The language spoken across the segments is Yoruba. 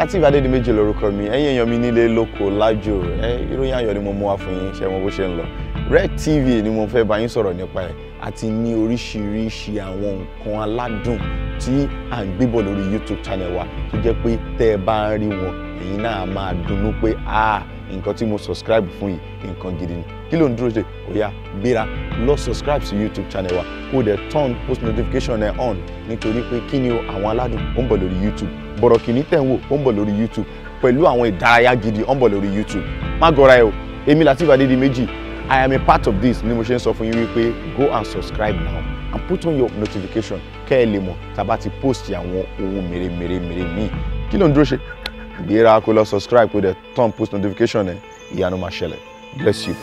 Lateef Adédìméjì lórúkọ mi ẹ̀yin èèyàn mi nílé lóko lájò ìròyìn ayọ̀ ni mo mú wá fún yín ṣé wọn bó ṣe ń lọ. Red TV ni mo fẹ́ bá yín sọ̀rọ̀ nípa ẹ̀ àti ní oríṣiríṣi àwọn nǹkan aládùn tí à ń gbébọ̀ lórí YouTube channel wa tó jẹ́ pé tẹ́ ẹ bá ń rí wọn ẹ̀yin náà máa dunnú pé ah nǹkan tí mo subscribe fún yìí nǹkan gidi ni kí ló ń dúró ṣe ó gbéra lọ subscribe sí YouTube channel wa kó o dẹ̀ turn post notification ẹ̀ on nítorí pé kí ni o àwọn aládùn ó ń bọ̀ lórí YouTube bọ̀rọ̀ kìíní tẹ̀ ń wò ó ń bọ̀ lórí YouTube pẹ̀lú àwọn ìdárayá gidi ó ń bọ̀ lórí YouTube má gọra ẹ o èmi Lateef Adédìméjì I am a part of this ni mo ṣe ń sọ fún yín wípé go and subscribe now and put on your notification kẹ́ ẹ lè mọ̀ tàbá ti post àwọn ohun mèremèremère míì kí ló ń dúró ṣe ìgbéra kó lọ subscribe kó dẹ̀ turn post notification ẹ̀ ìyanu máa ṣẹlẹ̀ bless you.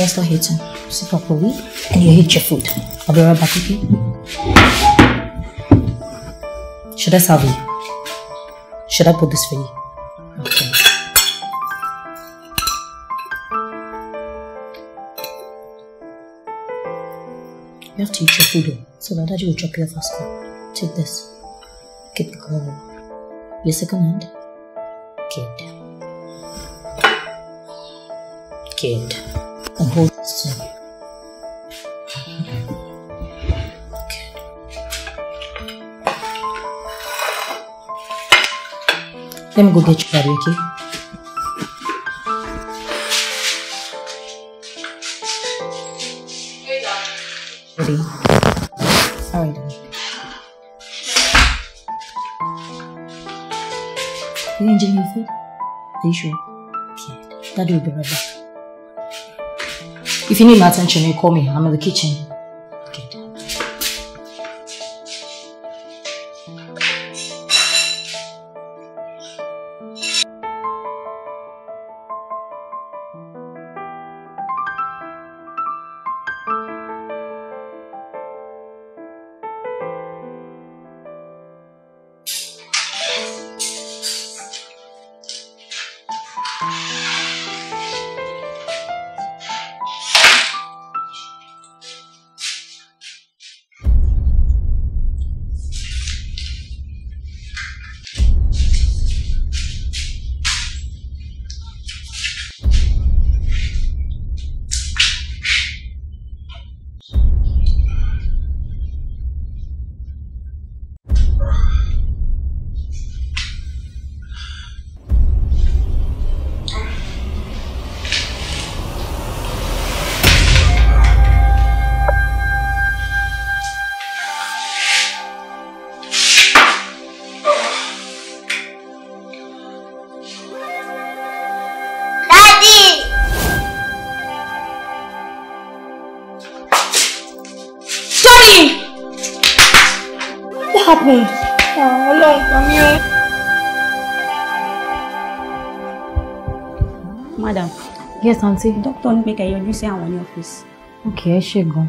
Hair is not heating. Sit properly, and you eat your food. I'll be right back with you. Should I serve you? Should I put this for you? Okay. You have to eat your food oh. so that daddy will drop you off at school. Take this. Keep it cool. Your second hand? Kid. Kid. Let me go get you daddy, okay? Ready? All right. you enjoying your food? Are you sure? will be right back. If you need my attention, you call me. I'm in the kitchen. Yes, aunty. Dókítà ní pé kẹ́ yọjú sí àwọn ní ọ́fíìsì. Ok, ẹ ṣe gan.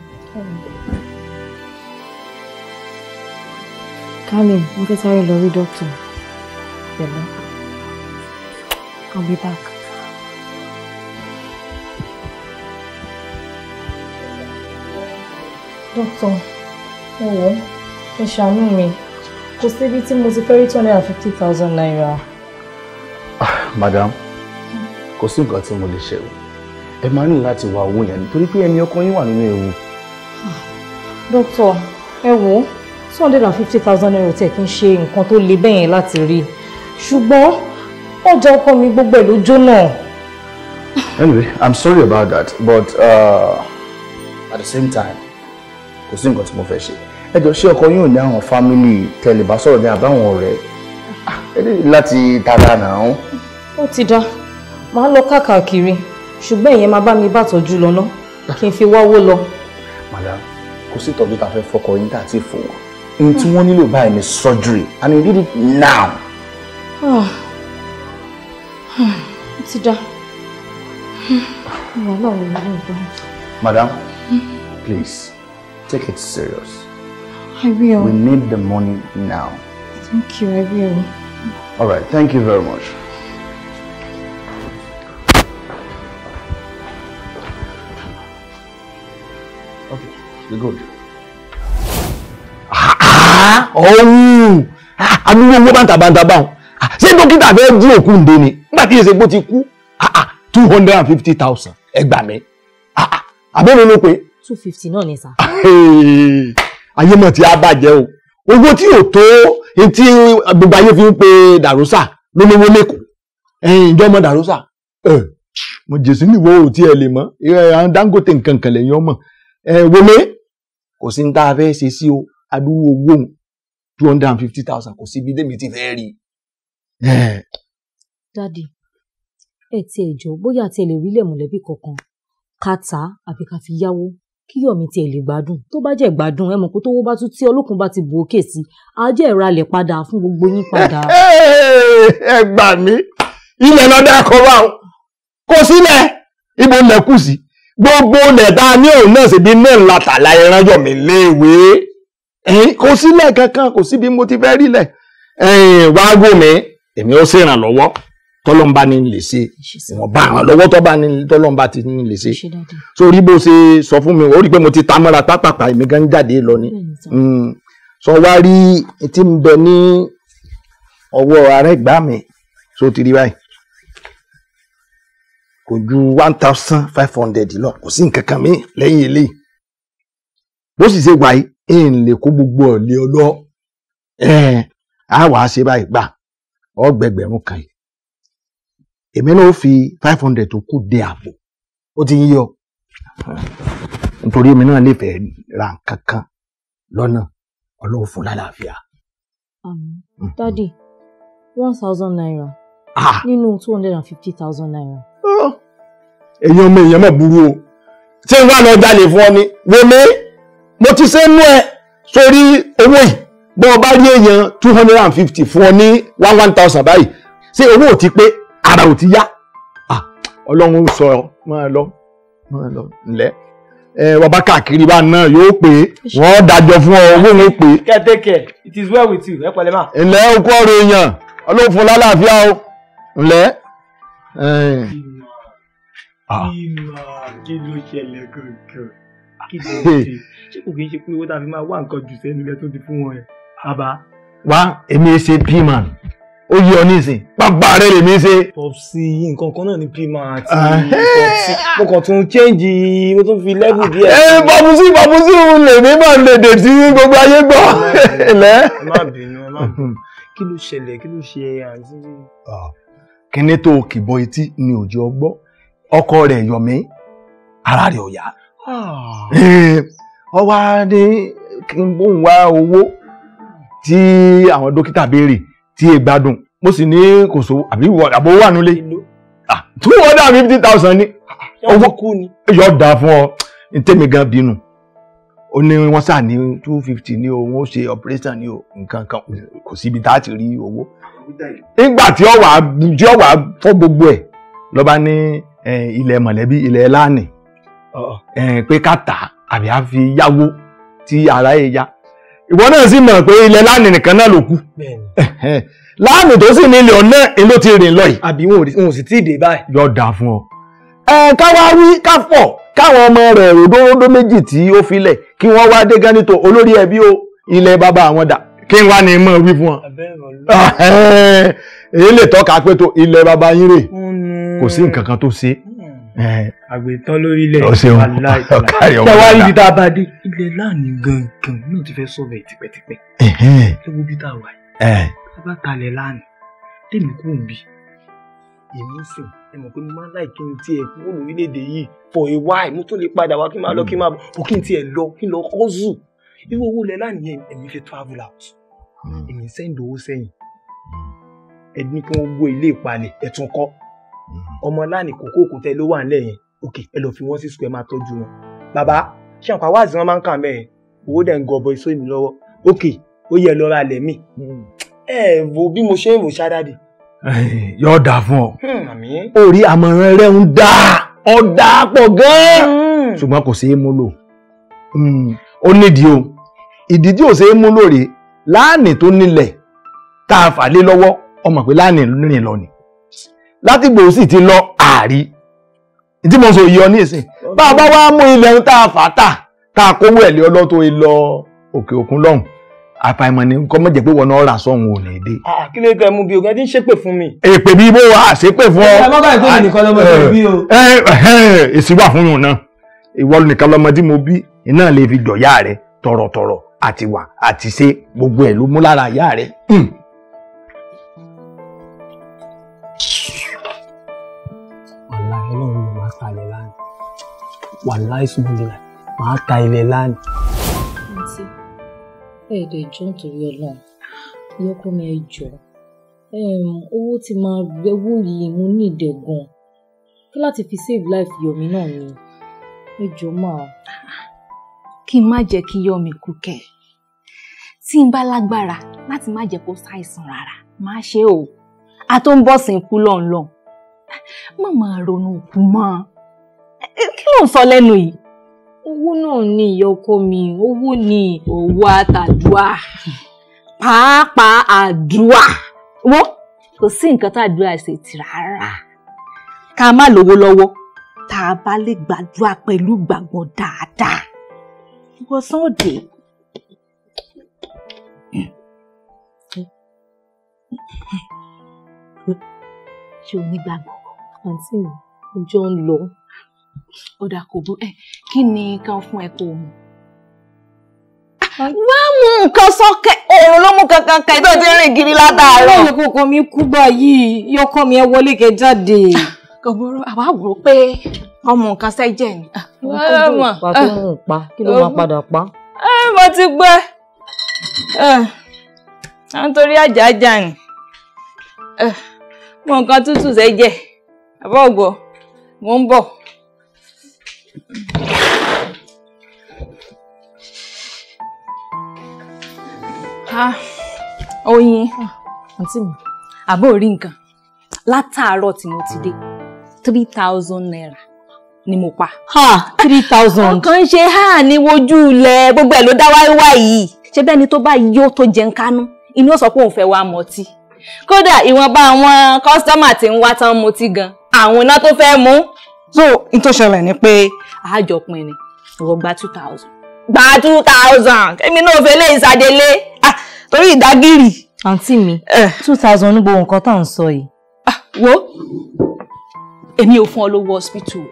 Carmen, mo fẹ́ sáré lọ rí dókítà. Pẹ̀lú. I'll be back. Dókítà, ẹ wò ó, ẹ ṣàánú mi. Kò síbi tí mo ti fẹ́ rí two naira. Ah, madam kò sí nǹkan tí mo lè ṣe o ẹ máa ní láti wá owó yẹn nítorí pé ẹni ọkàn yín wà nínú ewu. dókítà ẹ wo two hundred and fifty thousand naira tẹ̀ kí n ṣe nǹkan tó le bẹ́yẹn láti rí ṣùgbọ́n ọjà ọkọ mi gbogbo ẹ̀ ló jóná. anyway i'm sorry about that but uh, at the same time kò sí nǹkan tí mo fẹ́ ṣe ẹ jọ ṣé ọkọ yóò ní àwọn fámìlì tẹlẹ bá sọ̀rọ̀ ah, ní àbáwọn ọ̀rẹ́ láti tara náà. ó ti dá máa lọ káàkiri ṣùgbọ́n ìyẹn máa bá mi bá tọ́jú lọ ná kí n fi wáwó lọ. madam kò sí ìtọ́jú tá a fẹ́ fọkọ yín tá a ti fò wọ́n ohun tí wọ́n nílò báyìí ni surgery and you need it now. Ah. Ah. ó ti dá wàhálà ò ní ìgbà. madam please take it serious. I will. We need the money now. Thank you, I will. All right, thank you very much. be good. Ah, ọ̀hún àdúgbò ah, owó bàǹtàbàǹtà báwọn ah, ṣé dókítà fẹ́ jí òkú ǹde ni nígbà tí èsèpó ti kú two hundred and fifty thousand ẹgbà mi àbẹ̀rẹ̀ ló pé. two fifty náà ni sà. ayé mọ̀ tí a bàjẹ́ o owó tí ò tó etí gbogbo ayé fi ń pe dàrúsà ló lówó lẹ́kọ̀ọ́ ẹ̀yìn ìjọ ọmọ dàrúsà mo jèsí níwọ̀ ò tí ẹ lè mọ̀ àwọn Dangote nǹkan kan lẹ́yìn ọmọ ẹ̀ wọlé kò sí ní tá a fẹ́ ṣe sí o adúrú owó two hundred and fifty thousand kò sí ibi débi ti fẹ́ rí i. dádì ẹ ti ẹ jọ bóyá àti ẹ lè rí ilẹ̀ mọ̀lẹ́bí kankan ká tà á àbí ká fi yáwó kí yọ̀mí tiẹ̀ lè gbádùn tó bá jẹ́ gbádùn ẹ mọ̀ pé tówó bá tún tí ọlọ́kùn bá ti bù ókè sí á jẹ́ ìralẹ̀ padà fún gbogbo yín padà. ẹ gbà mí ilẹ̀ lọ́dọ̀ ẹ̀kọ́ o kò sílẹ̀ ibo lẹ́kù sí gbogbo ilẹ̀ tá a ní òun náà síbi náà ńlá tàlà ìrànjọ mi léèwé kò sílẹ̀ kankan kò síbi mo ti fẹ́ rílẹ̀ wáágò mi èmi ó ṣèrànlọ́wọ́ tọ́lọ́mbà ni lè ṣe wọ́n bá àwọn lọ́wọ́ tọ́ba ni tọ́lọ́mbà ti ni lè ṣe sórí bó ṣe sọ fún mi ó rí i pé mo ti ta mọ́ra pápápá èmi gan jáde lọ ni hmm. sọ wá rí tí ń bẹ ní ọwọ́ àrẹ́gbá mi sọ ti rí báyìí kò ju one thousand five hundred lọ kò sí nǹkan kan mi lẹ́yìn eléyìí bó sì ṣe gbà yìí ẹ̀ ń lè kó gbogbo ọ̀lẹ́ ọlọ́ ẹ̀ á wàá ṣe báyìí gbà ọgbẹgbẹ̀rún kan yìí èmi náà fi five hundred tó kù dé àpò ó ti ń yọ nítorí èmi náà lè fẹ́ ra nǹkan kan lọ́nà ọlọ́run fún lálàáfíà. Mm-hmm. dádì one thousand naira ah! nínú two hundred and fifty thousand naira. Oh! èyàn ọmọ èyàn mọ̀ burú o tí n lọ jalè fún ọ ni wèmí mo ti ṣe mú ẹ sórí owó yìí bọ́ ọ bá rí èèyàn two hundred and fifty fún ọ ní one one thousand báyìí ṣé owó ò ti pé ara ò ti yá ọlọ́run sọ ọ máa lọ máa lọ ńlẹ́ ẹ wà bá káàkiri bá náà yóò pé wọ́n dájọ́ fún ọ owó ní pé. kẹ́tẹ́kẹ́ it is well with you ẹ pẹ̀lẹ́ mà. ǹlẹ́ o kọ́ ọ̀rọ̀ èèyàn ọlọ́run fún lálàáfíà o ǹlẹ́ ìmọ̀ kí ló ṣẹlẹ̀ kankan kí ló ṣe ṣé kò kí n ṣe pé owó tá a fi máa wá nǹkan jù sẹ́nu rẹ tó ti fún wọn ẹ̀ wá èmi ṣe pman ó yí ọ nísìn pápá rẹ lèmi ṣe. popsi nǹkan kan náà ni pman àti popsi mo kàn tún change mo tún fi level díẹ̀. ẹ babusi babusi lèmi máa ń lèdè tí gbogbo ayé gbọ́. ẹ má bínú ẹ má bínú kí ló ṣẹlẹ̀ kí ló ṣe àǹtí. kíní tó kìbọ etí ni òjò ọgbọ́ ọkọ rẹ̀ yọ̀mí ara rẹ̀ ò yá ọ ah. eh, wá ní kí n bóun wá owó tí àwọn dókítà béèrè tí e gbádùn mo sì ní kò sówó àbí àbò wà nílé two hundred and fifty thousand ni owó yọ̀ dà fún ọ ntẹ́mi gan bínú ó ní wọ́n sà ní two fifty ní o wọ́n ṣe operation ní o nǹkan kan kò síbi tá a ti rí owó. nígbà tí ó wà tí ó gbogbo ẹ̀ lọ́ba ní ilẹ̀ mọ̀lẹ́bí ilẹ̀ láàánì pé ká tà àbí á fi yáwó tí ara yẹ ya ìwọ náà sì mọ̀ pé ilẹ̀ láàánì nìkan náà ló kù láàánì tó sì ní ilẹ̀ ọ̀nà èló ti rìn lọ yìí. àbí wọn ò sì tí ì dé báyìí. yóò dáa fún ọ. ẹ káwa wí ká fọ káwọn ọmọ rẹ̀ ròdòròdó méjì tí ó filẹ̀ kí wọ́n wá dé gánító olórí ẹbí o ilẹ̀ bàbá àwọn dà kí n wá ní mọ̀ wí fún ọ èyí lè tọ́ka pé tó ilẹ̀ bàbá yín rè kò sí nǹkan kan tó ṣe. Hmm. àgbẹ̀tán lórí ilẹ̀ aláìsàn tẹwa níbi tá a bá dé ilẹ̀ láàánú gangan náà ti fẹ́ sọ̀rọ̀ ẹ̀ tipẹ́tipẹ́ ewu bí tá a wà yìí bá talẹ̀ lánàá tèmi kúrò bí èmi sìn ẹ mọ̀ pé mo máa ń láì kí n tiẹ̀ kúrò lórílẹ̀‐èdè yìí for a while mo tó lè padà wá kí n máa lọ kí n máa bọ̀ kí n tiẹ̀ lọ kí n lọ kọ́ zoo irú owó lẹ̀ lánàá yẹn fi travel out hmm. èmi send owó sẹ́yìn ẹ ní kí wọ́n wó ilé ìpalẹ ẹ tún kọ́ mm-hmm. ọmọ láàní kókó òkúta ló wà nílẹ̀ yẹn òkè ẹ lọ fi wọ́n sí sùkú ẹ máa tọ́jú wọn bàbá ṣé àwọn àwáàzì wọn máa ń kà mẹ́rin owó dẹ̀ ń gọbọ iṣó mi lọ́wọ́ òkè ó yẹ lọ́ra alẹ̀ mi mm-hmm. ẹ wo bí mo ṣe ń wò ṣádáde. yóò dà fún ọ hmm, orí àmọ̀ràn rẹ ń dà ọ dà pọ̀ gan-an hmm. ṣùgbọ́n kò ṣeé múlò hmm, ó nídìí o ìdí tí ò ṣeé múlò rèé láàánì tó nílẹ̀ tá a fà lé lọ́wọ́ ọmọ pé láàánì rìn lọ ni láti gbòó sì ti lọ àárí tí mo sọ yọ nísìn bá a bá wá mú ilẹ̀ ń tá a fà tà tá a kówó ẹ̀ lé ọlọ́tọ̀ lọ òkè òkun lọ́hùn àfàìmọ̀ ni nǹkan mọ̀jẹ̀ pé wọnà ọ̀rà sọ̀hún ò ní dé. Ah, kí ló kẹ́ mú bí o kẹ́ tí ń ṣépè fún mi. èpè bí bó wà ṣépè fún ọ. ẹ má báyìí tó nìkan lọmọ tó bí o. èsì wà fún yùn náà ìwọ nìkan lọmọ mo bí iná lè fi dọ̀yà rẹ tọ̀rọ̀tọ̀rọ̀ àti wà gbogbo ẹ̀ ló mú lára ìyá rẹ wàhálà ọlọ́run ni màá ta ilẹ̀ láàánú wàhálà ìsúnmọ́bìlà màá ta ilẹ̀ láàánú. àǹtí ẹ̀ẹ́dẹ̀ jọ́ nítorí ọlọ́run yọkọ mi ẹ jọ owó tí máa gbẹ́wò yìí mo ní ìdẹ̀gàn kí láti fi save life yọmi náà ni ẹ jọ máa. kí n má jẹ́ kí yọmi kú kẹ́ tí n bá lágbára láti má jẹ́ kó ṣàìsàn rárá má ṣe o a tó ń bọ̀ sí ikú lọ́nlọ́n má máa ronú òkú mọ́ kí ló ń sọ lẹ́nu yìí. owó náà ní ìyọkọ mi owó ní owó àtàdúà pàápàá àdúà wọ́n kò sí nǹkan tàdúà ṣe tì rárá ká má lówó lọ́wọ́ tá a bá lè gbàdúrà pẹ̀lú ìgbàgbọ́ dáadáa ìwọ̀sán òde. Mm-hmm ṣé o nígbàgbọ́ àǹtí mi ọjọ́ ń lọ ọ̀dà kò bú ẹ eh, kí ni kan fún ẹ kó o mọ̀. Ah, wá mú nǹkan sọ́kẹ́ òòrùn ló mú kankan kan tó ti rìn kiri látàárọ̀. ọ̀rọ̀ ìkọ̀kan mi kú báyìí yọkọ mi ẹ wọlé kẹ jáde. kò burú àwa wò pé ọmọ nǹkan sẹ́jẹ̀ ni. wọ́n mọ̀ kí pa kí ló máa padà pa. ẹ ah, mo ti gbẹ ẹ ah, mo nǹkan tútù ṣe jẹ àbọ̀ mo ń bọ̀. oyin àǹtí mi àbọ̀ ò nǹkan látàárọ̀ tí mo ti dé three thousand naira ni mo pa. three thousand. ọkàn ń ṣe háà ní wojú ilẹ̀ gbogbo ẹ̀ ló dá wáyé wáyé yìí ṣé bẹ́ẹ̀ ni tó bá yó tó jẹun kánú inú ó pé òun fẹ́ wá mọtí kódà ìwọ̀nba àwọn kọ́sítọ́mà tí ń wá tán mutí gan àwọn náà tó fẹ́ mú. so n tó ṣẹlẹ̀ ni pé. àjọpin ni ìwọ gba two thousand. gba two thousand èmi náà fẹ́ lé ìsàdélé ah, torí ìdágìrì. àǹtí mi eh. two thousand ní gbogbo nǹkan tá à ń sọ yìí. Ah, wo èmi ò fún ọ lówó hospital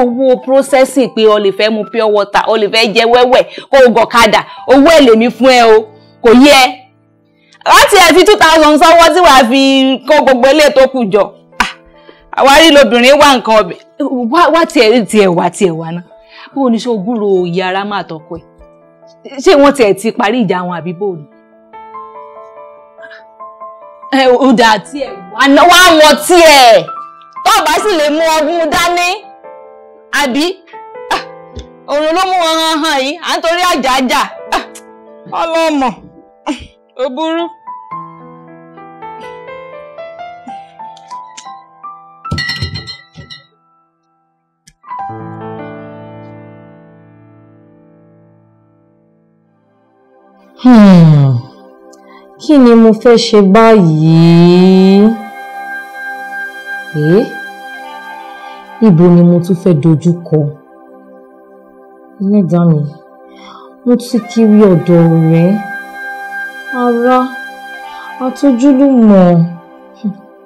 owó processing pé o lè fẹ́ mu pure water o lè fẹ́ jẹ wẹ́wẹ́ kó o gọ̀kadà owó èlèmí fún ẹ o kò yẹ láti ẹ̀ fi two thousand sọ́wọ́ tí wàá fi kó gbogbo ilé tó kù jọ ah, àwárí lobìnrin wá nǹkan ọbẹ̀. wá tiẹ̀ tiẹ̀ wá tiẹ̀ wá ná bó ní ṣe ogúnro yàrá máa tọkọ ẹ̀ ṣé wọ́n tiẹ̀ ti parí ìjà wọn àbí bò ní. o dà tiẹ̀ wá wọn tiẹ̀ tó bá sì lè mú ọgbọ́n dání àbí ah, òun ló mú wọn hàn yìí à ń torí àjà àjà ah, ọlọ́mọ ó burú. Hmm. kí ni mo fẹ́ ṣe báyìí ẹ́ eh? ibo ni mo tún fẹ́ dojú kọ ẹlẹ́dàá mi mo ti kiri ọ̀dọ̀ ọ̀rẹ́ ará àtọ́júlùmọ̀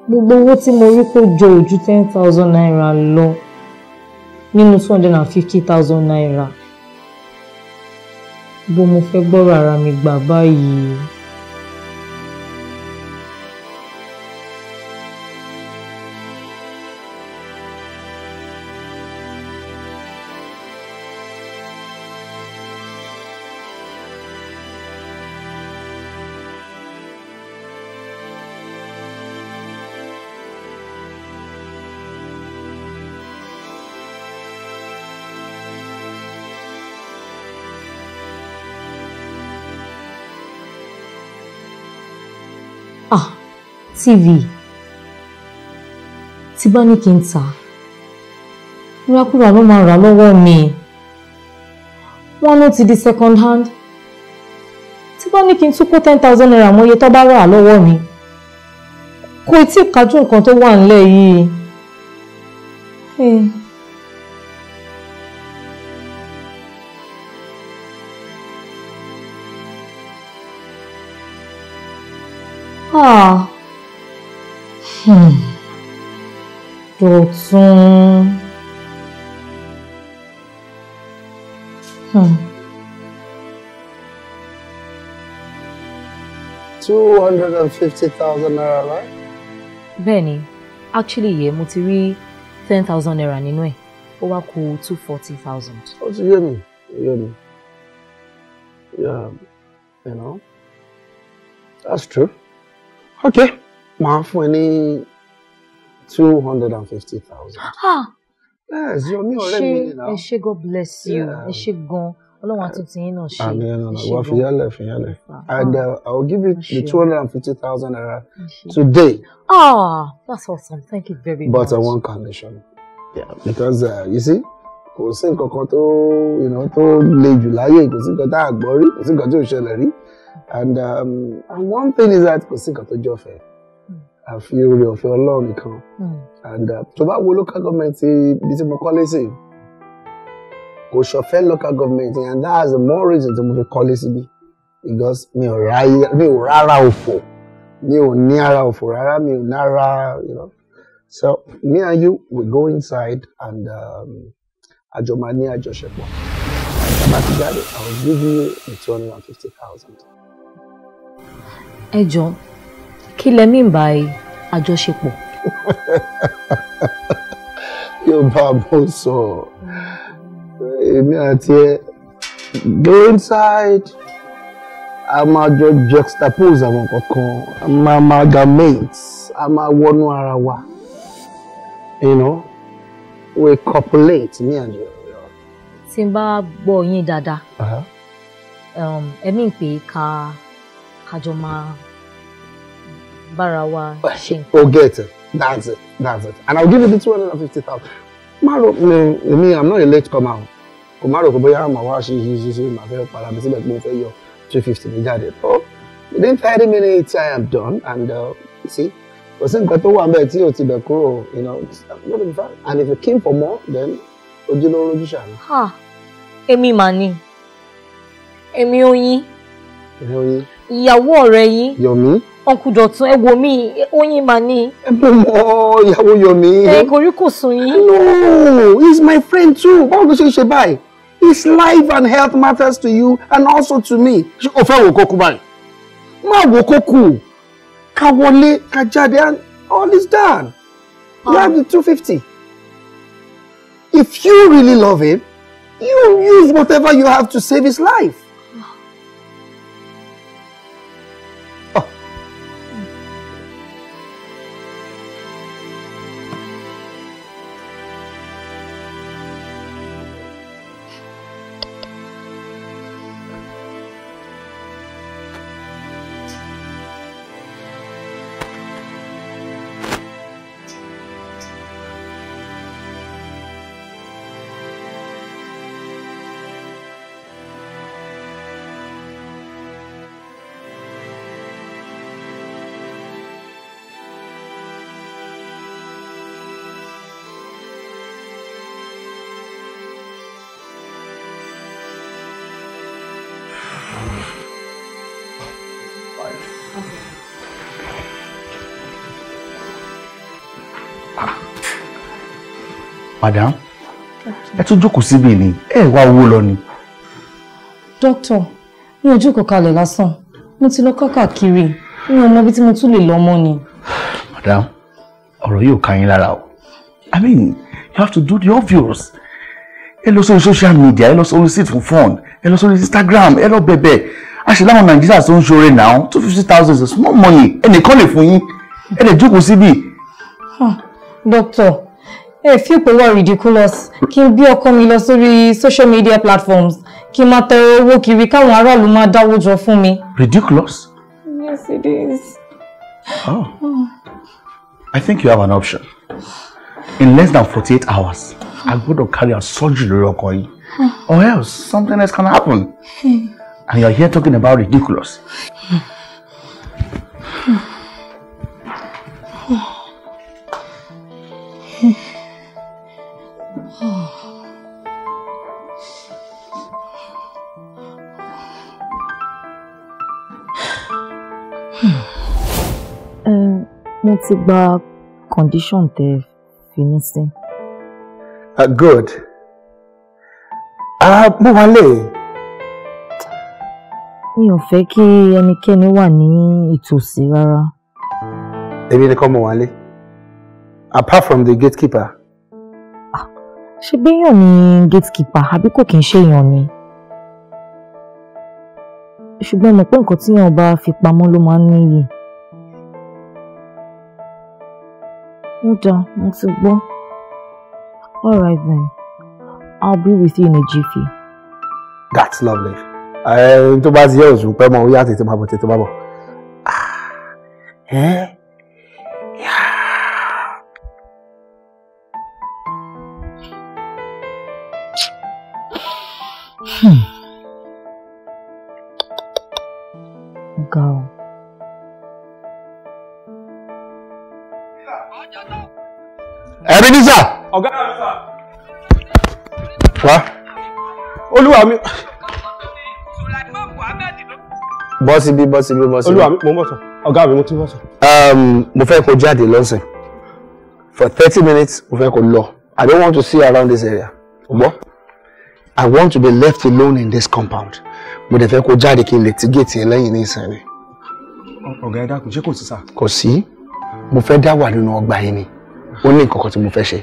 gbogbo owó tí mo rí kó jọ ojú ten thousand naira lọ nínú two hundred and fifty thousand naira bó mo fẹ́ gbọ́rọ̀ ara mi gbà báyìí. tv tí bá ní kí n tà ìrakúra ló máa rà lọ́wọ́ mi wọ́n ló ti di second hand tí bá ní kí n tún kó ten thousand naira mọ́ iye tó bá rà lọ́wọ́ mi kò tí ì kájú nǹkan tó wà nílẹ̀ yìí. Hmm. Ah. Dọ̀tun. Hmm. Hmm. Two hundred and fifty thousand naira, right? Bẹ́ẹ̀ni, actually yẹ mo ti rí ten thousand naira nínú ẹ̀, ó wá kù two forty thousand. Ó ti yé mi, yé mi. Yeah, you know, that's true. Okay máa fún ẹ ní two hundred and fifty thousand. yes yọ mí ọ̀rẹ́ mi nìyà. ẹ ṣé God bless you ẹ ṣé gan Ọlọ́run àtúntì yín náà ṣe. àmì ẹnu náà wà fìyàlẹ̀ fìyàlẹ̀ and uh, I will give you the two hundred and fifty thousand naira today. ah oh, that's awesome thank you very much. but on one condition yeah. because uh, you see kò sí nǹkan kan tó tó le jù láyé kò sí nǹkan tá a gbọ́ rí kò sí nǹkan tó ṣẹlẹ̀ rí and um, and one thing is that kò sí nǹkan tó jọ fẹ́ẹ́ àfi oore ọ̀fẹ́ ọlọ́run nìkan hmm. and uh, tó bá wo local government eh, ibi tí mo kọ́lé sí kò ṣọ̀fẹ́ local government and that is the more reason tí mo fi kọ́lé síbi because mi ò rárá òfò mi ò ní ara òfò rárá mi ò nára you know so me and you we go inside and um, àjọ máa ní àjọṣepọ̀ àjọba ti jáde I will give you the two hundred and fifty thousand. ẹ jọ̀ọ́ kí lẹ mí bá àjọṣepọ̀. yorùbá mo sọ èmi àti ẹ go inside a máa jọ juxtapose àwọn kankan a máa amalgamate a máa wọnú ara wa you know we copulate ní àjọ. tí n bá gbọ́ yín dáadáa uh-huh. um, ẹ̀mí pé ká kájọ máa. Barawa. wa ṣe nǹkan. o get it that's it that's it and i will give you the two hundred and fifty thousand. Maro, má rò mi mi i'm not a late comer o kò má rò pé bóyá màá wá ṣe ṣe ṣe ṣe màá fẹ́ para mi síbẹ̀ pé mo fẹ́ yọ two fifty mi jáde. so within thirty minutes i am done and uh, see kò sí nǹkan tó wà bẹ́ẹ̀ tí o ti bẹ̀ kúrò you know not in fact and if you came for more then ojú ló rojú ṣàná. ha èmi mà ni èmi oyin ìyàwó ọ̀rẹ́ yín yomi ọkùn dọ̀tún ẹ wò mí oyin mà ní. ẹ bọ mọ ìyàwó Yomi. ẹ koríko sùn yín. no he's my friend too báwo ló ṣe ṣe báyìí his life and health matters to you and also to me. ṣé o fẹ́ wo kókó báyìí. má wo kókó ká wọlé ká jáde and all is done. you have the two fifty. if you really love him you use whatever you have to save his life. madam ẹ tún jókòó síbi ni ẹ wá owó lọ ni. dókítà mi ò jókòó kalẹ̀ lásán mo ti lọ káàkiri mi ò mọ ibi tí mo tún lè lọ mọ́ ni. madam ọ̀rọ̀ yóò ká yín lára o i mean you have to do the obvious ẹ lọ sórí social media ẹ lọ sórí sit fún fund ẹ lọ sórí instagram ẹ lọ bẹ̀bẹ̀ a ṣe láwọn nàìjíríà tó ń ṣoore náà two fifty thousand is small money ẹnìkan lè fún yín ẹ lè jókòó síbi. dókítà ẹ fi ìpè wá ridiculous kí n bí ọkọ mi lọ sórí social media platforms kí n máa tẹ owó kiri káwọn aráàlú máa dáwó jọ fún mi. ridiculous. yes it is. Oh. oh. I think you have an option. In less than forty-eight hours, I go to carry out surgery lórí ọkọ yìí hmm. or else something else can happen hmm. and you are here talking about ridiculous. ti gba condition tẹ fi mí sí. Ah, good mo wà lẹ́yìn. mi ò fẹ́ kí ẹnikẹ́ni wà ní ìtòsí rárá. èmi ni kọ́ mo wà apart from the gatekeeper. Ah, ṣé béèyàn ni gatekeeper àbí kò kí n ṣe èèyàn ni ṣùgbọ́n mo pé nǹkan tí èèyàn bá fi pamọ́ ló máa ń níyì. ó dáa mo ti gbọ́. alright then i'll be with you in a jiffy. that's lovely. ẹ eh, tó bá ti yẹ òṣùpẹ́ mọ́ ó yá tètè máa bọ̀ tètè máa bọ̀. Ah, eh? bọ́ síbí bọ́ síbí bọ́ síbí. olúwa mi mo ń bọ̀ sọ ọ̀gá mi mo ti bọ̀ sọ. Um, mo fẹ́ kó jáde lọ́sìn for thirty minutes mo fẹ́ kó lọ I don't want to see around this area. gbọ́ I want to be left alone in this compound mo dẹ̀ fẹ́ kó jáde kí n lè ti gèètì ẹ lẹ́yìn ní ìsìn mi. ọ̀gá ẹ dákun ṣé kò sí sá. kò sí mo fẹ́ dá wà nínú ọgbà yìí ni ó ní nǹkan kan tí mo fẹ́ ṣe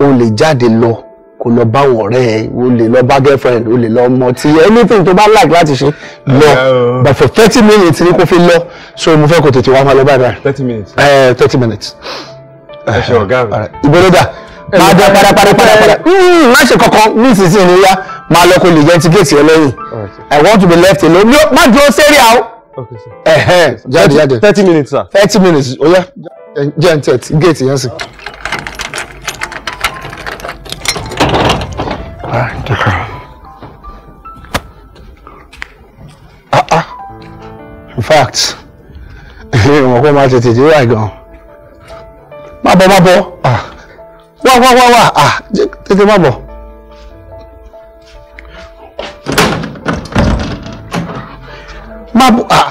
ó lè jáde lọ kó lọ bá àwọn ọ̀rẹ́ ẹ o lè lọ bá girlfriend o lè lọ mọ ti anything tó bá like láti ṣe lọ but for thirty minutes ni kò fi lọ so mo fẹ́ kó tètè wá máa lọ báyìí. thirty minutes. Eh, thirty minutes. ẹ ṣe ọ̀gá mi. ìgbọ́lódà máa dẹ padà padà padà padà hmm, má ṣe kankan nísinsìnyí ya máa lọ kó lè jẹ́ ti géètì ẹ lẹ́yìn i want to be left alone má dúró sẹ́rí àwọn. jáde jáde thirty minutes sir. thirty minutes ó yá n tẹ̀ géètì yẹn sìn. Ah, ah, Ah in fact wọn kò máa tètè dé ráì gan má bọ̀ má bọ̀ ah. wá wá wá wá ah, tètè má bọ̀. má bọ̀ ah.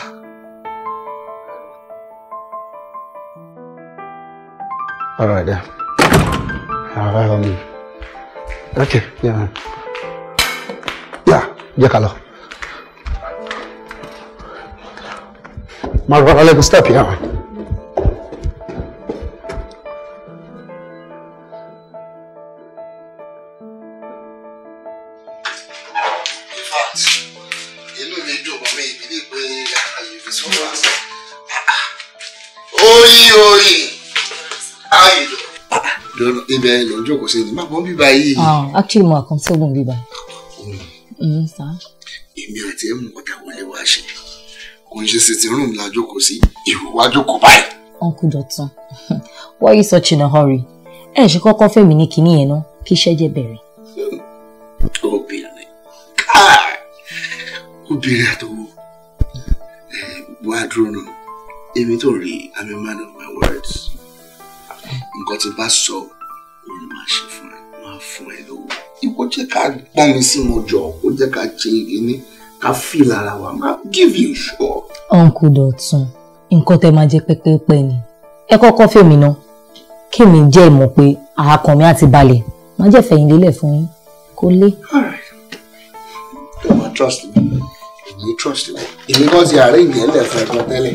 All right then. All right, I'll leave. Ok, bien. Là, ya Je vais aller au stop, bien. Yeah. jókòó sí ni màmá bíbá yìí. Ah. actually mo àkọsílẹ̀ òun bíbá. Mm, èmi àti ẹ̀ mú ọ̀tá wọlé wá ṣe kò ń ṣe sitting room la jókòó sí ìwọ wá jókòó báyìí. uncle Dọ̀tun why you such in a hurry ẹ ṣe kọ́kọ́ fẹ́mi ní kinní yẹn náà kí iṣẹ́ jẹ́ bẹ̀rẹ̀. obìnrin káà obìnrin àtọwọ́ wá dúró náà èmi tó rí i'm a man of my words nǹkan tí bá sọ. So, wọn ni máa ṣe fún ẹ máa fún ẹ lówó ìwọ jẹ́ ká gbọ́n mi sí mo jọ ó jẹ́ ká ṣe ìní ká fi lára wa máa give you sure. uncle Dọ̀tun nǹkan tẹ máa jẹ pẹpẹpẹ ni ẹ kọ́kọ́ fèmí náà kémi jẹ́ ìmọ̀ pé àákàn mi àti balẹ̀ má jẹ́ fẹ̀yìn lélẹ̀ fún yín kó lé. ọmọ trust me èmi trust me èmi kàn ti àárín yẹn lẹ̀ fún ẹ̀kan tẹ́lẹ̀.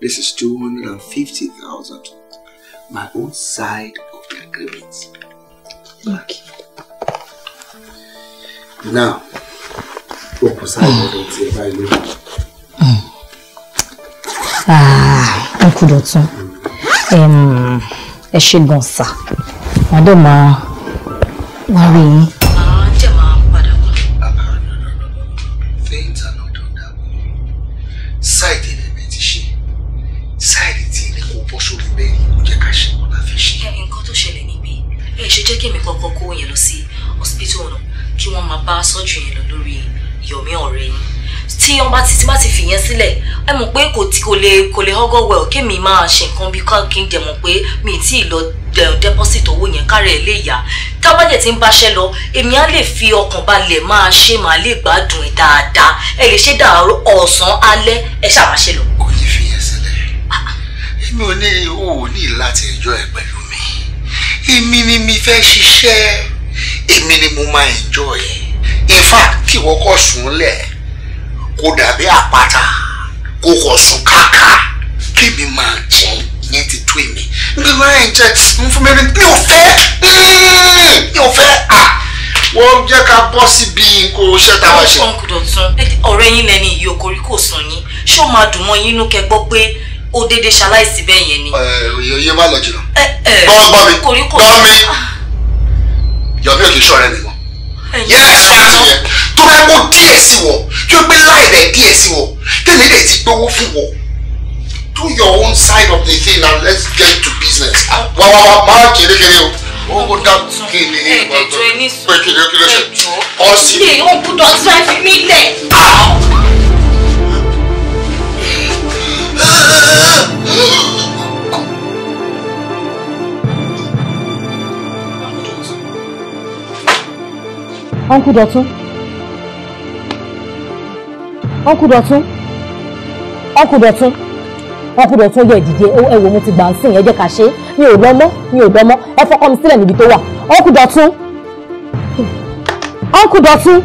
This is two hundred and fifty thousand my own side of the agreement. Thank you. Now, what was I going to say by you? Ah, Uncle Dotun. Um, ẹ ṣe gan sa. Madam, wá rí yín. Ah, Sighted ẹ ṣe jẹ́ kí èmi kọ́kọ́ kó yẹn lọ sí hospital náà kí wọ́n máa bá sọ́jú yẹn lọ lórí yọ̀mí ọ̀rẹ́ yín tí wọ́n bá ti ti bá ti fìyẹn sílẹ̀ ẹ mọ̀ pé kò tí kò lè kò lè họ́gọ́ wẹ̀ kémi máa ṣe nǹkan bí kí n dẹ̀ mọ̀ pé mi ì tí ì lọ deposit owó yẹn kárẹ̀ ẹ̀ lè yá tábàjẹ́ ti ń báṣẹ́ lọ èmi á lè fi ọkàn balẹ̀ máa ṣe màá lè gbádùn ẹ̀ dáadáa ẹ lè ṣe dàárọ̀ ọ̀sán alẹ́ ẹ ṣàmáṣe lọ. kò ní fìyẹn sílẹ̀ èmi ò ní owó ní ìlà tí ìjọ ẹ̀ pẹ̀lú èmi ni mi fẹ́ ṣiṣẹ́ èmi ni mo máa enjoy in fact kí wọ́n kọ́ sùn lẹ̀ kó dàbí àpáta kó kọ̀ sùn káàká kí mi máa jẹ yẹn ti tó èmi nígbà tí wọ́n ń jẹ ń fún mi mi ò fẹ́ hmm, mi ò fẹ́ à wọ́n jẹ́ ká bọ́ síbi kó ṣẹ́ tá a bá ṣe. ọ̀rẹ́ yín lẹni ìyókòrí kò sàn yín ṣé ó máa dùn mọ́ yín nú kẹ́ gbọ́ pé ó déédéé ṣaláìsí bẹ́ẹ̀ yẹn ni. ẹ ẹ má lọ jìnnà. gbọ́n gbọ́n mi gbọ́n mi yọ̀bí òkè ṣọ̀rẹ́ mi mọ́. yẹ́sì láti yẹn tó bá kó díẹ̀ sí wọ tí ó gbé láì rẹ̀ díẹ̀ sí wọ tèmi lè ti gbowó fún wọ do your own side of the thing and let's get to business. wà wà wà má kérékéré o ó kó dá kéde ní ìgbà tó pé kéde ó kéde ó ṣe. ọ̀sìn. ilé ìhókù dọ̀tí láì fi mí lẹ̀. Ah! Uncle Dọ̀tún. Uncle Dọ̀tún. Uncle Dọ̀tún. Uncle Dọ̀tún yẹ ìdíje ẹ wò mo ti gbà ń sìn ẹ jẹ́ ká ṣe é mi ò lọ́mọ́ mi ò lọ́mọ́ ẹ fọkọ Uncle Dọ̀tún. Uncle Dọ̀tún.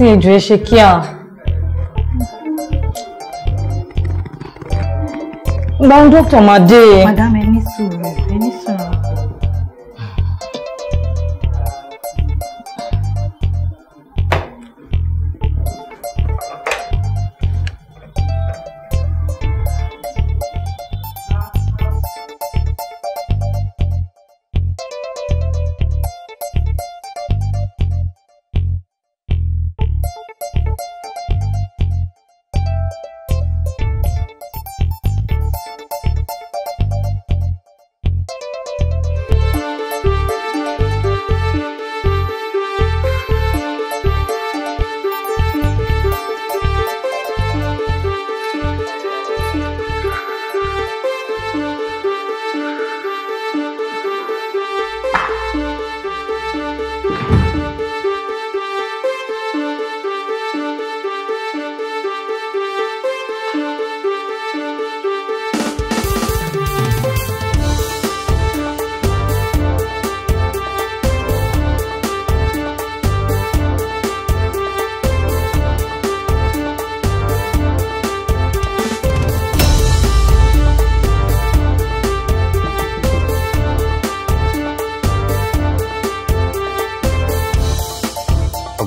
tí ejò ẹ ṣe kí à. gbọ́n dókítà máa dé. madame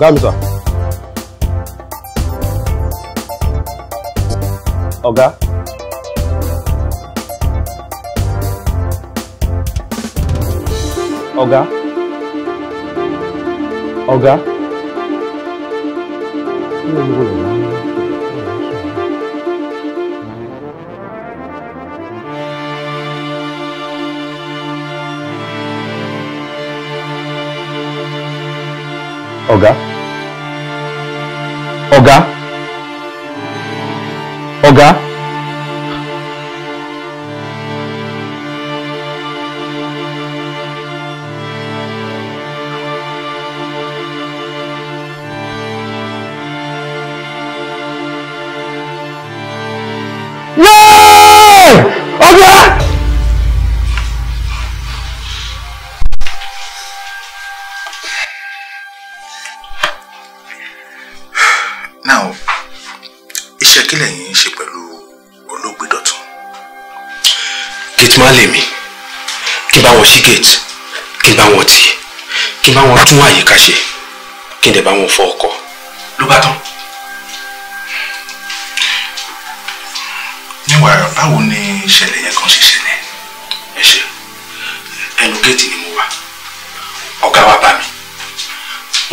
ọ̀gá mi sà. ọ̀gá. ọ̀gá. ọ̀gá. ọ̀gá. wọ́n tún wá àyíká ṣe kí n dẹ̀ bá wọn fọ ọkọ̀ ló bá tán. níwàá báwo ni ìṣẹ̀lẹ̀ yẹn kan ṣe ṣẹlẹ̀ ẹ ṣe ẹnu géètì ni mo wà ọ̀gá wa bá mi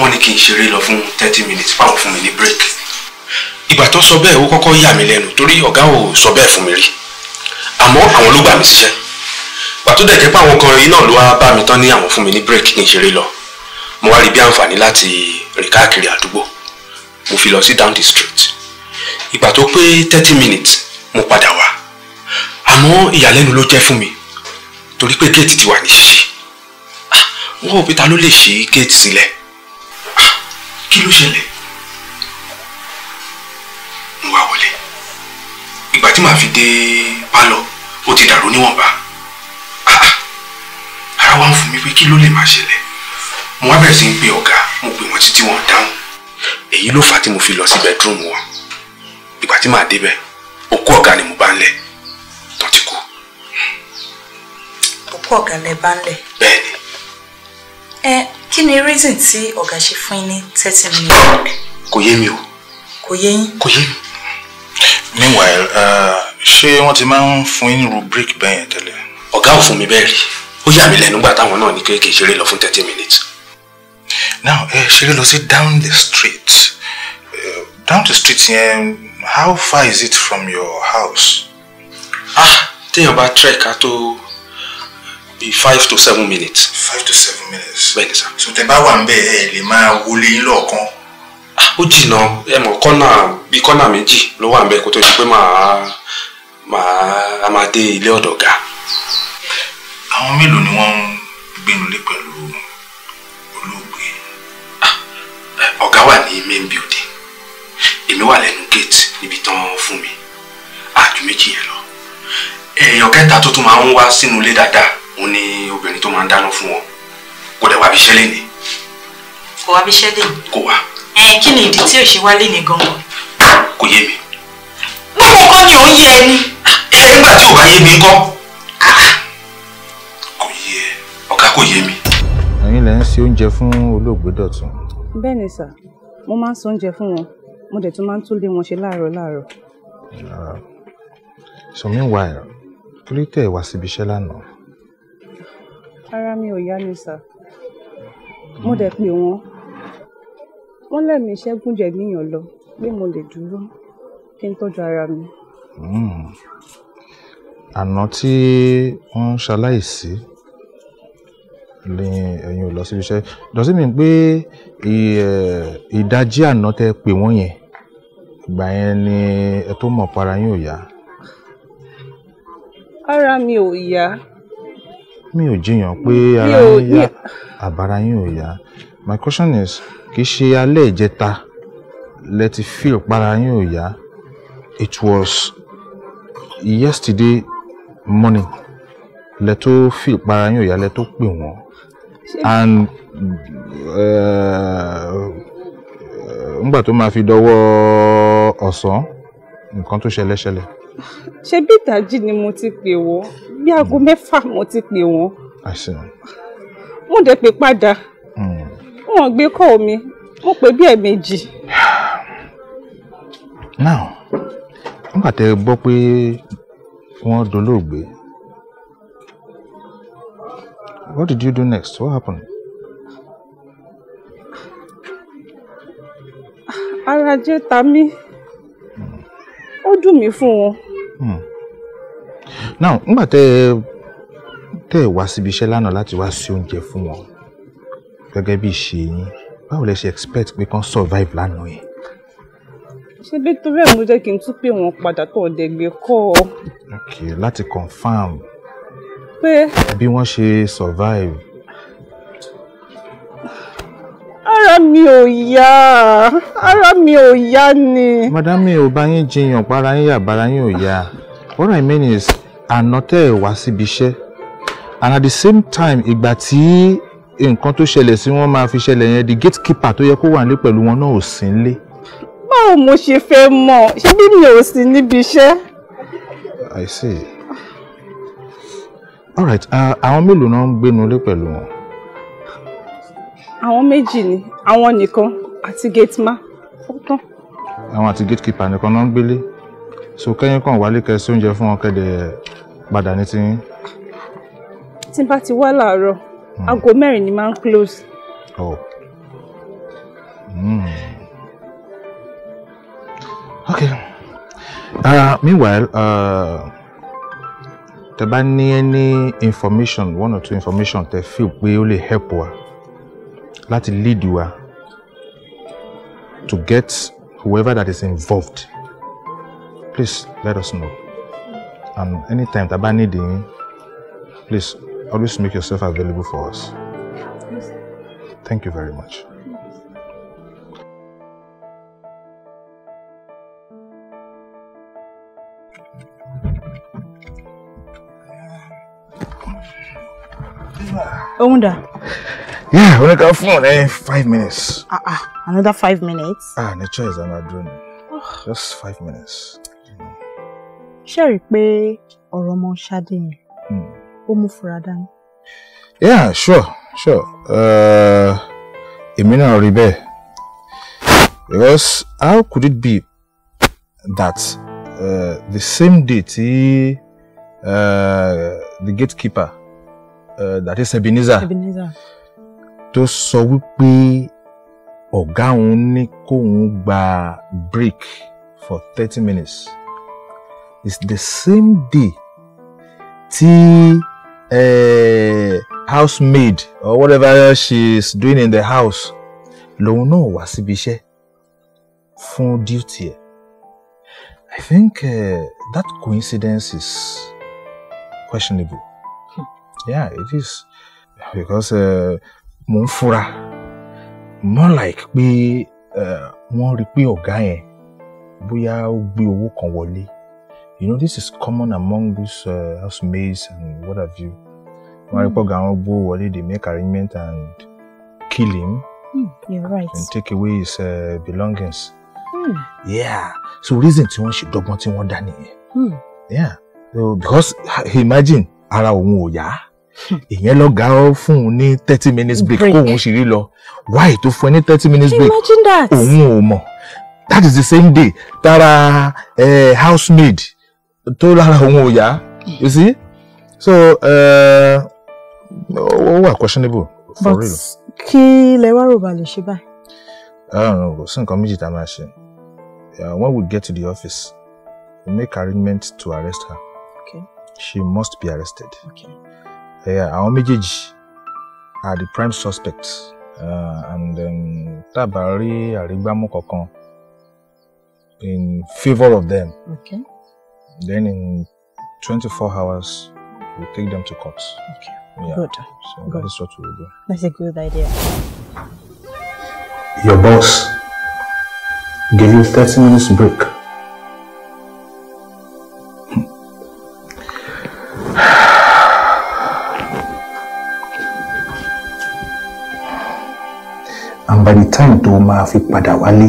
wọ́n ní kí n ṣeré lọ fún thirty minutes báwọn fún mi ní break ìgbà tó sọ bẹ́ẹ̀ ó kọ́kọ́ yà mí lẹ́nu torí ọ̀gá ò sọ bẹ́ẹ̀ fún mi rí àmọ́ àwọn ló gbà mí síṣẹ́ pàtó dẹ̀ jẹ́ pé àwọn kan yìí náà ló wá bá mi tán ní àwọn fún mi ní break kí n ṣeré lọ mo wá rí bí àǹfààní láti rìn káàkiri àdúgbò mo fi lọ sí down the street ìgbà tó pé thirty minutes mo padà wá àmọ́ ìyàlẹ́nu ló jẹ́ fún mi torí pé géètì ti wà ní ṣíṣí wọn ah, ò pé ta ló lè ṣí géètì sílẹ̀ ah, kí ló ṣẹlẹ̀ mo wá wọlé ìgbà tí màá fi dé pálọ̀ ó ti dàrú níwọ̀nba ah, ara wa ń fún mi pé kí ló lè máa ṣẹlẹ̀ mo wá bẹ̀rẹ̀ sí ń pe ọ̀gá mo pè wọ́n títí wọ́n dáhùn èyí ló fà á tí mo fi lọ sí bẹ́dúrúmù wọn ìgbà tí màá débẹ̀ òkú ọ̀gá ni mo bá ń lẹ̀ tó ti kú. òkú ọ̀gá lẹ bá ń lẹ̀. bẹ́ẹ̀ni. ẹ kí ni reason tí ọ̀gá ṣe fún yín ní thirty minutes. kò yé mi o. kò yé yín. kò yé mi. meanwhile uh, ṣé wọ́n ti máa ń fún yín ní rubric bẹ́ẹ̀ yẹn tẹ́lẹ̀. ọ̀gá ò fún mi bẹ́ẹ̀ rí ó yà mí lẹ́nu gbà táwọn náà ní kéèké ṣeré lọ fún thirty minutes now ẹ ṣeré lọ down the street uh, down the street yẹn how far is it from your house. ah think about trek á tó bí five to seven minutes. five to seven minutes. bẹ́ẹ̀ni sir. so tẹ bá wà ń bẹ ẹ lè máa wọlé yín ah ó jìnnà ẹ mọ̀ kọ́nà bíi kọ́nà méjì ló wà ń bẹ kó tó di pé màá màá a máa dé ilé ọ̀dọ̀ ga. àwọn mélòó ni wọ́n ń gbénu lé ọ̀gá wà ní main building èmi wà lẹ́nu gate níbi tán fún mi àjù méjì yẹn lọ èèyàn kẹta tó tún máa ń wá sínú ilé dáadáa òun ni obìnrin tó máa ń dáná fún wọn kò dẹ̀ wá bí iṣẹ́ lẹ́ni. kò wá bí iṣẹ́ lẹ́ni. kò wá. ẹ kí ni ìdí tí ò ṣe wá lẹ́ni gangan. kò yé mi. báwo kọ́ ni ò ń yẹ ẹni. ẹ nígbà tí ò bá yé mi kọ́. Ah, ah. kò yé ọ̀gá kò yé mi. ẹ̀yin lẹ ń oúnjẹ fún olóògbé Dọ̀tun bẹ́ẹ̀ ni sà mo máa ń sọ oúnjẹ fún wọn mo dẹ̀ tún máa ń tún lé wọn ṣe láàárọ̀ láàárọ̀. Ah. so meanwhile kí ló tẹ̀ wá síbi iṣẹ́ lánàá. ara mi ò yá ni sà mo dẹ̀ pè wọ́n wọ́n lẹ́mìí iṣẹ́ gúnjẹ níyàn lọ pé mo lè dúró kí n tọ́jú ara mi. Hmm. àná tí wọ́n ń ṣaláìsí lẹ́yìn ẹ̀yin ò lọ síbi iṣẹ́ dọ̀sí mi pé ìdajì àná tẹ pè wọ́n yẹn ìgbà yẹn ni ẹ tó mọ̀ para yín ò yá. ara mi ò yá. mi ò jiyàn pé ara yín yá àbára yín ò yá my question is kì í ṣe alẹ́ ìjẹta lẹ ti feel para yín ò yá it was yesterday morning lẹ tó feel para yín ò yá lẹ tó pè wọ́n and ngbà uh, tó máa fi dọwọ́ ọ̀sán nǹkan tó ṣẹlẹ̀ ṣẹlẹ̀. ṣé bí ìdájí ni mo ti pè wọ́n bí aago hmm. mẹ́fà mo ti pè wọ́n. mo dẹ̀ pè padà hmm. wọn gbé kọ́ mi mo pè bí ẹ̀ẹ̀mejì. now nígbà tẹ́ gbọ́ pé wọ́n dolóògbé What did you do next? What happened? Ara jẹ́ ta mí. Ó dùn mí fún wọn. Hmm. Now, nígbà tẹ́ ẹ tẹ́ ẹ wá síbi iṣẹ́ lánàá láti wá sí oúnjẹ fún wọn gẹ́gẹ́ bí ìṣe yín, báwo lẹ ṣe expect pé kán survive lánàá yẹn? ṣe be torí ẹ̀ mo jẹ́ kí n tún pè wọ́n padà tó ọ̀dẹ̀ gbé kọ́ ọ. ok pé. bí wọ́n ṣe survive. ara mi ò yá ara mi ò yá ni. madam mi ò bá yín jiyàn para yín yà bara yín ò yá what I mean is àná tẹ́ ẹ̀ wá síbi iṣẹ́ and at the same time ìgbà tí nǹkan tó ṣẹlẹ̀ sí wọ́n máa fi ṣẹlẹ̀ yẹn the gatekeeper tó yẹ kó wà nílé pẹ̀lú wọn náà ò sí nílé. báwo mo ṣe fẹ́ mọ̀ ṣé bí mi ò sí níbi iṣẹ́. I see all right uh, àwọn mélòó náà ń gbénu lé pẹ̀lú wọn. àwọn méjì ni àwọn nìkan àti gateman ó tán. àwọn àti gatekeeper nìkan náà ń gbélé so kẹ́yìn kan wálé kẹsí oúnjẹ fún wọn kẹ́dẹ̀ padà ní tiyín. tí n bá ti wá láàárọ̀ hmm. aago mẹ́rin ni máa ń close. oh hmm. okay uh, meanwhile. Uh, tẹ bá ní any information one or two information tẹ feel pé ó lè help wa láti lead wa to get whoever that is involved please let us know and anytime tá a bá need yín please always make yourself available for us thank you very much. Òun dà. Yeah, wọ́n ká phone. ọ̀rẹ́ eh, five minutes. Ah ah, another five minutes. Ah, ní choice àná àdúró ni. Just five minutes. Ṣé rí or pé ọ̀rọ̀ ọmọ Ṣadé hmm. Yeah, sure, sure. Uh, èmi náà rí bẹ́ẹ̀. Because how could it be that uh, the same day uh, the gatekeeper Eh, that is Ebenezer tó sọ wípé ọ̀gá òun ní kóun gba break for thirty minutes it's the same day tí eh, housemaid or whatever she is doing in the house lòun náà wá síbi iṣẹ́ fún duty ẹ̀ I think uh, that coincidence is questionable yeah it is because uh, mo ń fura more like pé uh, wọ́n rí pé ọ̀gá yẹn bóyá ó gbé owó kan wọlé you know this is common among those uh, housemates and what have you wọ́n rí pé hmm. ọ̀gá wọn gbó wọlé they make arrangement and kill him mm, you're right. and take away his uh, belongings mm. yeah so reason tí wọ́n ṣe dọ́gbọ́n tí wọ́n dá nìyẹn hmm. yeah so because imagine ara òun ò yá ìyẹn lọ́gà ọ fún un ní thirty minutes break kóun ṣì rí lọ why tó fún ẹ ní thirty minutes break òun ò mọ̀ that is the same day tara eh, housemaid tó lára òun ò yá you see so ó wà questionable for real. kí lẹ wá rò balẹ̀ ṣe báyìí. ọ̀run kò sí nǹkan méjì tá a máa ṣe when we get to the office we make arrangement to arrest her okay. she must be arrested. Okay àwọn méjèèjì are the prime suspects uh, and um, tá a bá rí àrígbámú in favour of them okay. then in twenty-four hours we take them to court. Okay. Yeah. Good. So good. that is what we will do. That's a good idea. Your boss gave you 30 minutes break. time tó máa fi padà wálé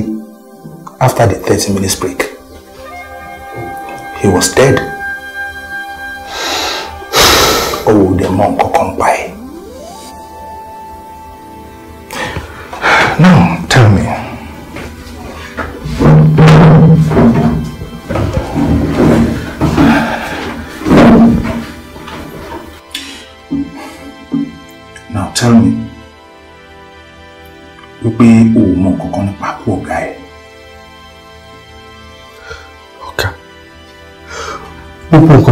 after the thirty minutes break he was dead Oh, the ó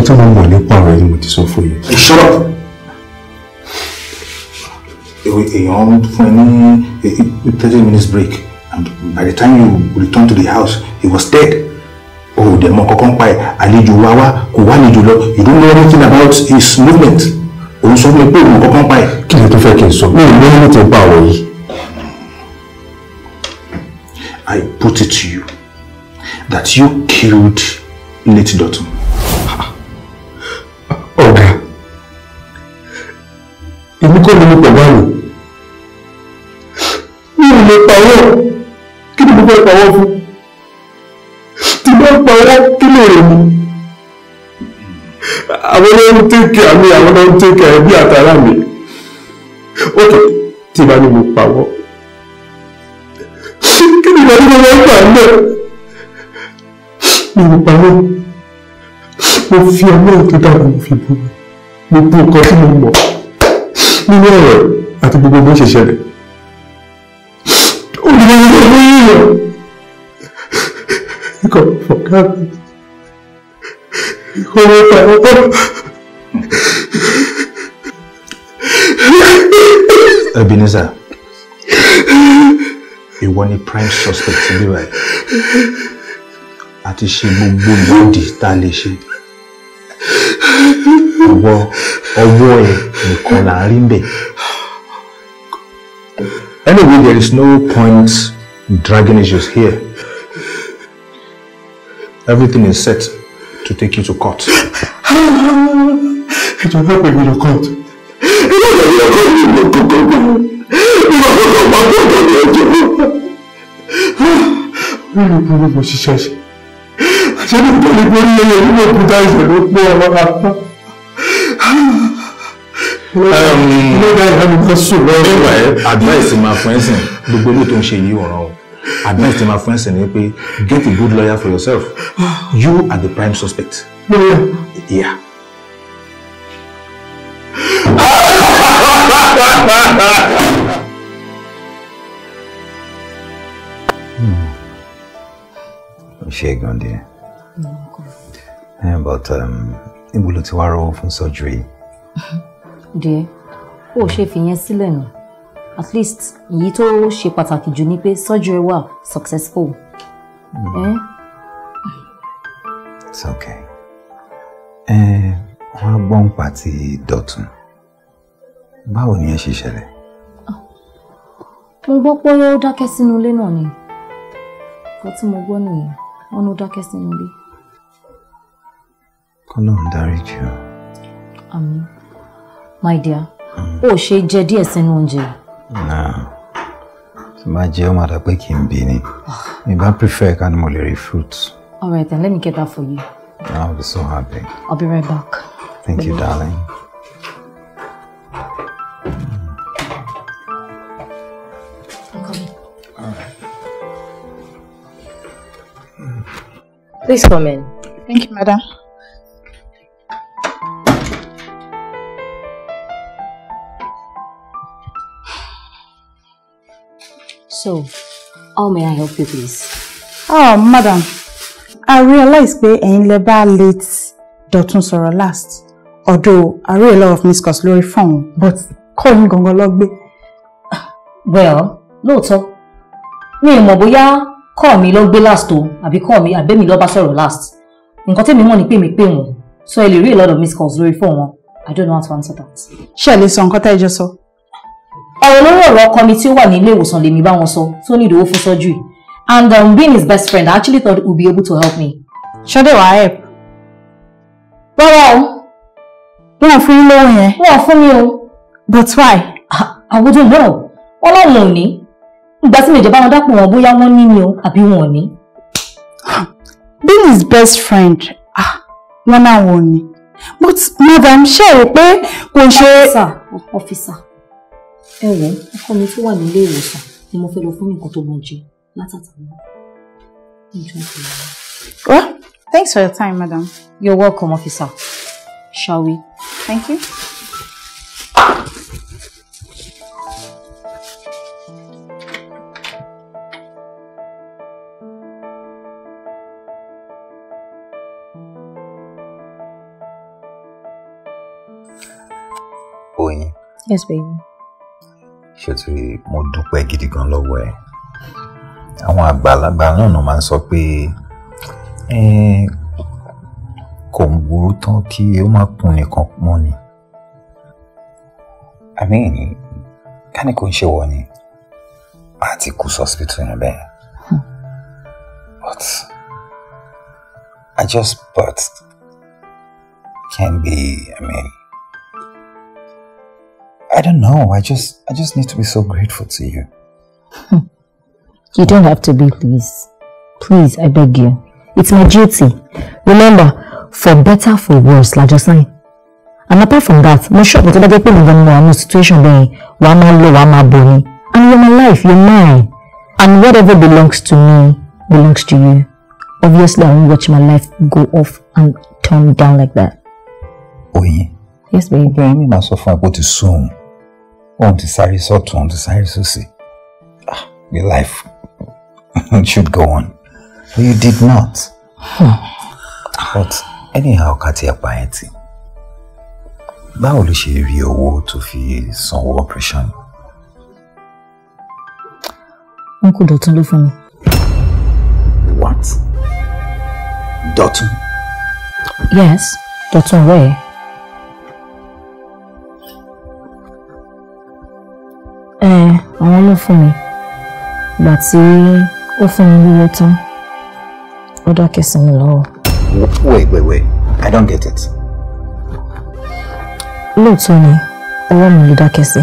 tí mo mọ̀ nípa ọ̀rọ̀ yìí mo ti sọ fún yín. ìṣọ́ra èèyàn fún ẹ ní eh, eh, thirty minutes break and by the time you return to the house he was dead. o ò dẹ̀ mọ kankan pa ẹ̀ àlejò wa wá kò wá àlejò lọ you don't know anything about his movement òun sọ fún mi pé òun kankan pa ẹ̀. kí ni tó fẹ́ kí n sọ mi ò ní ẹni tí ń ọ̀rọ̀ yìí. I put it to you that you killed late Dotun. tẹ̀lé mi pẹ̀lú àyè mi ò lè pàwọ́ kí ni mo fẹ́ pàwọ́ fún tí mo pàwọ́ kí ló rè mí àwọn náà ń tẹ̀kẹ̀ àmì àwọn náà ń tẹ̀kẹ̀ ẹbí àtàrà mi ok tí ìbá ni mo pàwọ́ kí ni ìbá ni gbà ń bẹ̀ mi ò pàwọ́ mo fi ọmọ òkúta mi fi bú mi mo bú nǹkan tí mo mọ̀ nínú ọ̀rọ̀ àti gbogbo bó ṣe ṣẹlẹ̀ olùdarí ọmọ yìí yọ ikọ̀ fọ̀ká mi ikọ̀ mi ta ọ̀pọ̀. Ebenezer ìwọ ni prime suspect níbẹ̀ àti ṣe gbogbo ìwádìí tá a lè ṣe ọwọ́ ọwọ́ ẹ̀ nìkan là ń rí mbẹ̀. Anyway, there is no point dragging issues here. Everything is set to take you to court. It will help me to court. Wọ́n lè bọ́ lọ́wọ́ ṣiṣẹ́ ṣe ṣé nítorí borí ẹyẹ nínú òkúta ẹsẹ̀ ló pé ọmọ wa pọ́. advice máa fún ẹsìn gbogbo owó tó ń ṣe yìí ọ̀ràn o advice ti fún ẹsìn ni pé get a good lawyer for yourself you are the prime suspect. lọ́wọ́ yeah. Hmm. Shake Mm-hmm. Yeah, but um, níbo ló ti wá surgery? Díẹ̀, oh she fìyẹn sílẹ̀ At least èyí tó ṣe pàtàkì jù surgery wà successful. Mm. Eh? It's okay. Eh, á gbọ́n pa ti Dọ̀tun. Báwo ni ẹ ṣe ṣẹlẹ̀? Mo gbọ́ pé ó dákẹ́ sínú ilé náà ni. Nǹkan tí mo gbọ́ nìyẹn, kọ́lọ́run dáríjì o. àmín um, my dear ó hmm. ṣe jẹ díẹ̀ sínú oúnjẹ. náà tí máa jẹ ó máa pé kí bí ni mi bá prefer ká ni mo lè rí fruit. all right then let me get that for you. I'll be so happy. I'll be right back. Thank you, darling. Please come in. Thank you, madam. So, how may I help you please? Oh, madam, I realize pé ẹ̀yin lẹ bá late Dọ̀tun sọ̀rọ̀ last. Although I read a lot of missed calls lórí phone, but call me gangan ló gbé. Well, lóòótọ́, mi ò mọ̀ bóyá call mi ló gbé last o, àbí call mi àbẹ́mi ló bá sọ̀rọ̀ last. Nǹkan tẹ́mi mọ̀ ni pé mi pè wọ́n, so ẹ lè read a lot of missed calls lórí phone wọn. I don't know how to answer that. Ṣé ẹ lè sọ nǹkan tẹ́ ẹ jọ sọ? ọ̀rọ̀ lórí ọ̀rọ̀ ọkọ mi tí ó wà ní ilé ìwòsàn lèmi bá wọn sọ tó ní ìdòwò fún surgery and um, being his best friend I actually thought he would be able to help me. ṣọ́dẹ̀ wàá help. rárá o. wọn ò fún yín lówó yẹn. wọn ò fún mi o. but why. Ah, I wouldn't know wọn náà wọn ò ní ìgbà tí mi ìjọba wọn dápò wọn bóyá wọn ní ni o àbí wọn ò ní. being his best friend ah, wọn náà wọn ò ní but madam ṣe é pé kò ṣe. officer officer ẹ ọkọ mi tó wà nílé ìwòsàn ni mo fẹ́ lọ fún nǹkan tó mọ̀ látàtàmọ́. Well, thanks for your time, madam. You're welcome, officer. Shall we? Thank you. Oyin. Yes, baby ṣètò mo dúpẹ́ gidi gan lọ́wọ́ ẹ̀ àwọn àgbàlagbà náà máa ń sọ pé kò ń burú tán kí ó má kun nìkan mọ́ ni àmín kání kò ń ṣe wọ ni a ti kú sọ́sìpítù yẹn bẹ́ẹ̀ hmm. but I just but can be I mean. I don't know. I just I just need to be so grateful to you. you don't have to be, please. Please, I beg you. It's my duty. Remember, for better, for worse, like just saying. And apart from that, mo sure that people in a situation there, one more low, one more bony. And you're my life, you're mine. And whatever belongs to me belongs to you. Obviously, I won't watch my life go off and turn down like that. Oh yeah. Yes, baby. Okay, I mean, I'm so far, but soon. òun ti sáré sọ́tún òun ti sáré sósì ah your life should go on but you did not hmm. but anyhow kàti ẹ̀pà yẹn ti báwo ló ṣe rí owó tó fi sanwó operation. wọn kò dọ̀tún ló fún mi. what? dọ̀tún. yes dọ̀tún rẹ̀. ẹ àwọn ló fún mi ìgbà tí ó fún mi lówó tán ó dákẹ́ sí mi lọ́wọ́. wait wait wait i don't get it. lóòótọ́ ni ọwọ́ mi ló dákẹ́ sí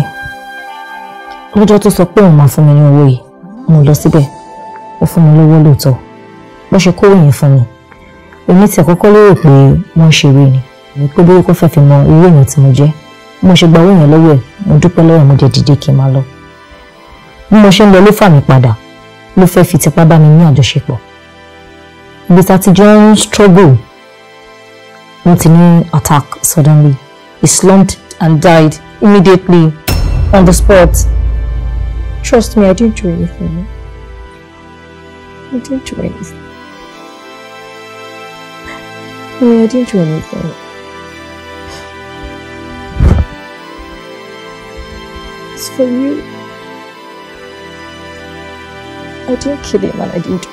lọ́jọ́ tó sọ pé òun máa fún mi ní owó yìí mo lọ síbẹ̀ ó fún mi lówó lóòótọ́ bó ṣe kó òyìn fún mi èmi ti àkọ́kọ́ lérò pé wọ́n ṣeré ni pé bí kò fẹ́ fi mọ irú èèyàn tí mo jẹ́ mo ṣe gba owó yẹn lọ́wọ́ ẹ̀ mo dúpẹ́ lọ́wọ́ mo jẹ dìde kí n máa lọ bí mo ṣe ń lọ ló fà mí padà ló fẹ́ fi tipá bá mi ní àjọṣepọ̀ ibi tá ti jọ ń struggle wọ́n ti ní attack suddenly he slumped and died immediately on the spot trust me I didn't do anything I didn't do anything yeah, I didn't do anything. is for you. I didn't kill him and I didn't.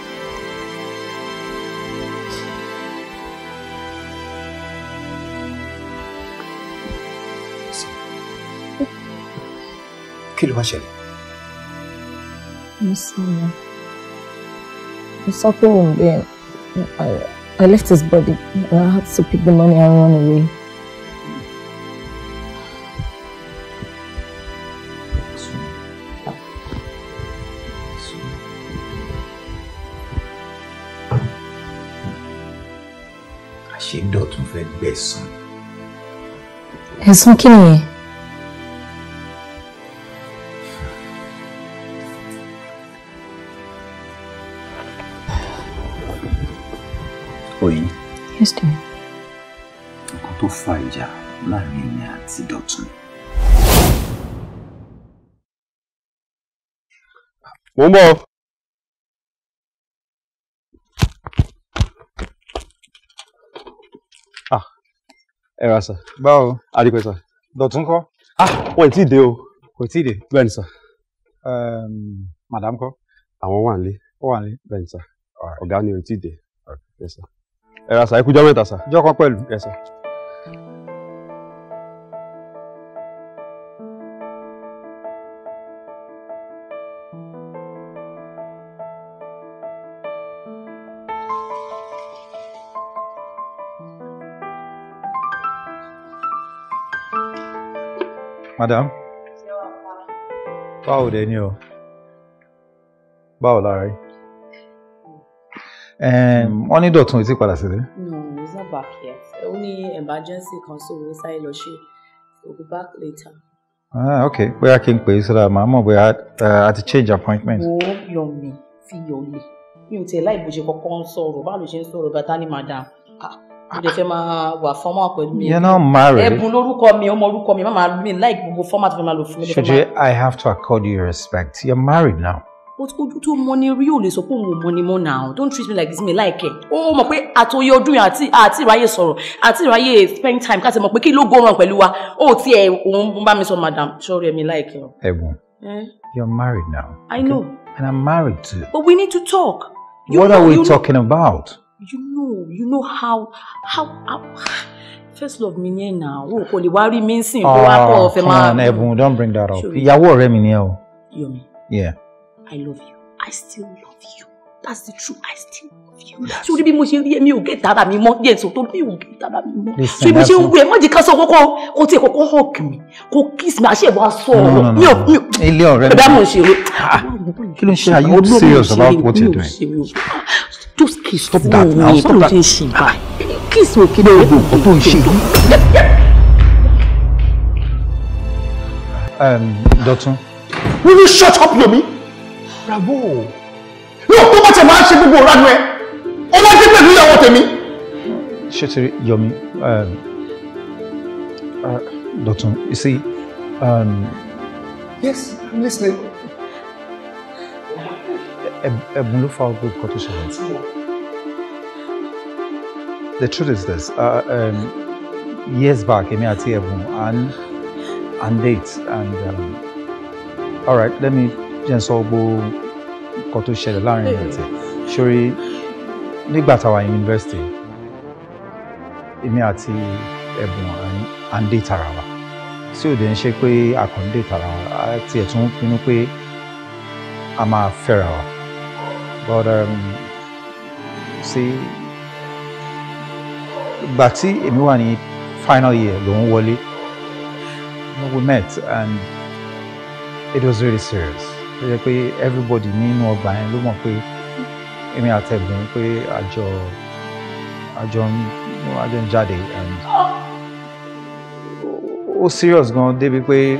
kill myself. wá ṣẹlẹ̀? Mo sì mọ̀. Mo mo I left his body and I had to pick the money and run away. ṣe dọ̀tún fẹ́ gbẹ̀sán. ẹ̀sùn kí nìyẹn. oyin. yes dear. nǹkan tó fa ìjà láàrin èmi àti dọ̀tún. mo ń bọ̀. ẹ ra sà. báwo. àdìpẹ́ sà. dọ̀tún kọ́. ah wọ́n ti dé o. kò tí ì dé. bẹ́ẹ̀ ni sà. madam kọ́. àwọn wà nílé. ó wà nílé. bẹ́ẹ̀ ni sà. ọ̀gá ni o ti dé. ẹ sà ẹ kú jọ́ mẹ́ta sà. jọ́kọ́ pẹ̀lú. ẹ sà. madam báwo dé ni o báwo lára yìí wọ́n ní dọ̀tún etí padà sílẹ̀. no he's not back yet ó ní emergency kan so ó sáré lọ we'll be back later. Ah, okay We are n pè é síra màá mọ̀ at eh, a change appointment. Oh, yọ mi fi yọ You tell ò tẹ̀ láì bó ṣe kọ́kọ́ ń sọ̀rọ̀ báwo ló ṣe ń sọ̀rọ̀ madam. Ah fẹ́ máa wà formal pẹ̀lú mi. you're not married. ẹ̀bùn lórúkọ mi ọmọ orúkọ mi máa mi like gbogbo format mi máa lò fún mi. ṣèjì i have to accord you respect you're married now. o ti ojú tó mọ ni rí ò lè sọ pé òun ò mọ ni mọ now don't treat me like this Me like it. ó mọ̀ pé àtòyè ọdún yẹn àti àti ìráyè sọ̀rọ̀ àti ìráyè spend time ká ti mọ̀ pé kí ló go wrong pẹ̀lú wa ó tiẹ̀ òun bá mi sọ madam sorry mi like it. ẹ. ẹ̀bùn eh? you're married now. i know. and i'm married too. but we need to talk. what are we talking about? you know you know how how how first love mi ni ẹ na o kò lè wá rí mi sìn kó wá ọfẹ máa. come ah, on Ebun don't bring that up ìyàwó ọ̀rẹ́ mi ni ẹ o. Yomi yeah. I love you I still love you that's the truth I still love you. sori bí mo ṣe rí ẹ mi ò gé tara mi mọ́ díẹ̀ tó tó mi ò gé tara mi mọ́ so bí mo ṣe ń wú ẹ má jẹ́ ká sọ kọ́kọ́ kó tiẹ̀ kọ́kọ́ hug mi kó kiss mi àṣẹ ìwà sọ ọ̀rọ̀ mi ò mi ò ilé ọ̀rẹ́ mi bẹ́ẹ̀ mo ṣe ah, kí ló ń ṣe are you serious about what you're doing just kiss stop that me. now stop that kiss me kiss me. o kò tó ń ṣe yìí. will you shut up Yomi. bravo. ní o tó bá tẹ̀ máa ń ṣe gbogbo ìranu ẹ ó máa ń dé pẹ̀lú ìyàwó tèmi. ṣé ti Yomi um, uh, Dọ̀tun you see. Um, yes I'm listening ẹ̀bùn ló fa ogun nǹkan tó ṣẹlẹ̀ sí. the truth is this uh, um, years back I met a woman and and dates. and um, all right let me jẹ́ sọ gbogbo nǹkan tó ṣẹlẹ̀ láàrin ẹ̀ tẹ̀ sórí nígbà táwa yunifásitì èmi àti ẹ̀bùn and date ara wa tí ò dé ń ṣe pé àkàndé tara àti ẹ̀tún pinnu pé a máa fẹ́ra wa but um, see ìgbà tí èmi wà final year long wọlé we met and it was really serious ó yẹ pé everybody nínú ọgbà yẹn ló mọ̀ pé èmi àtẹ̀gbọ́n pé àjọ àjọ àjọ ń and oh, serious gan débi pé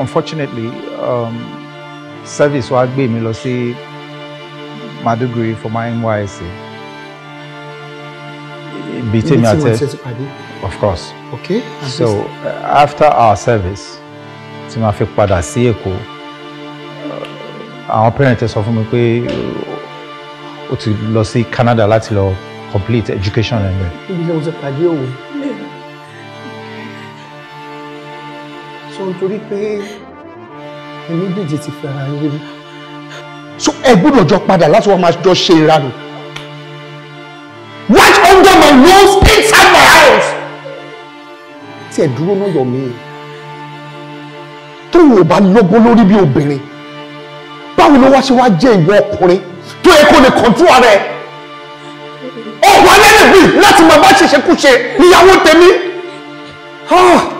unfortunately um, service wa gbé mi lọ sí. Si, my degree for my NYSC. Between my test, Of course. Okay. so uh, after our service, to ma fi padà sí Èkó, uh, àwọn parents sọ fún mi pé uh, ó ti lọ sí Canada láti lọ complete education ẹ̀ lẹ̀. Ibi tí mo ti so ẹ gbọ́dọ̀ jọ padà láti wọ́n máa jọ ṣe ìranù. right under my nose inside my house. tí ẹ dúró náà yọ mí tó wò bá lọ́gbọ́n lórí bí obìnrin báwo ló wá ṣe wá jẹ́ ìwọ ọkùnrin tó yẹ kó lè kọ̀ntú ara ẹ̀ ọ̀pọ̀ alẹ́ nìbí láti máa bá ṣẹ̀ṣẹ̀ kú ṣe ìyàwó tèmi. Ah!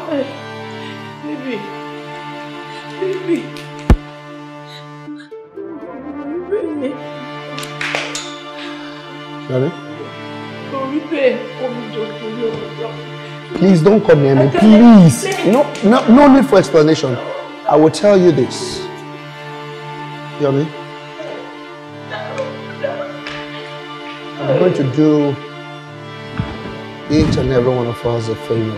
Please don't come near me. Please. No, no, no need for explanation. I will tell you this. You hear me? I'm going to do each and every one of us a favor.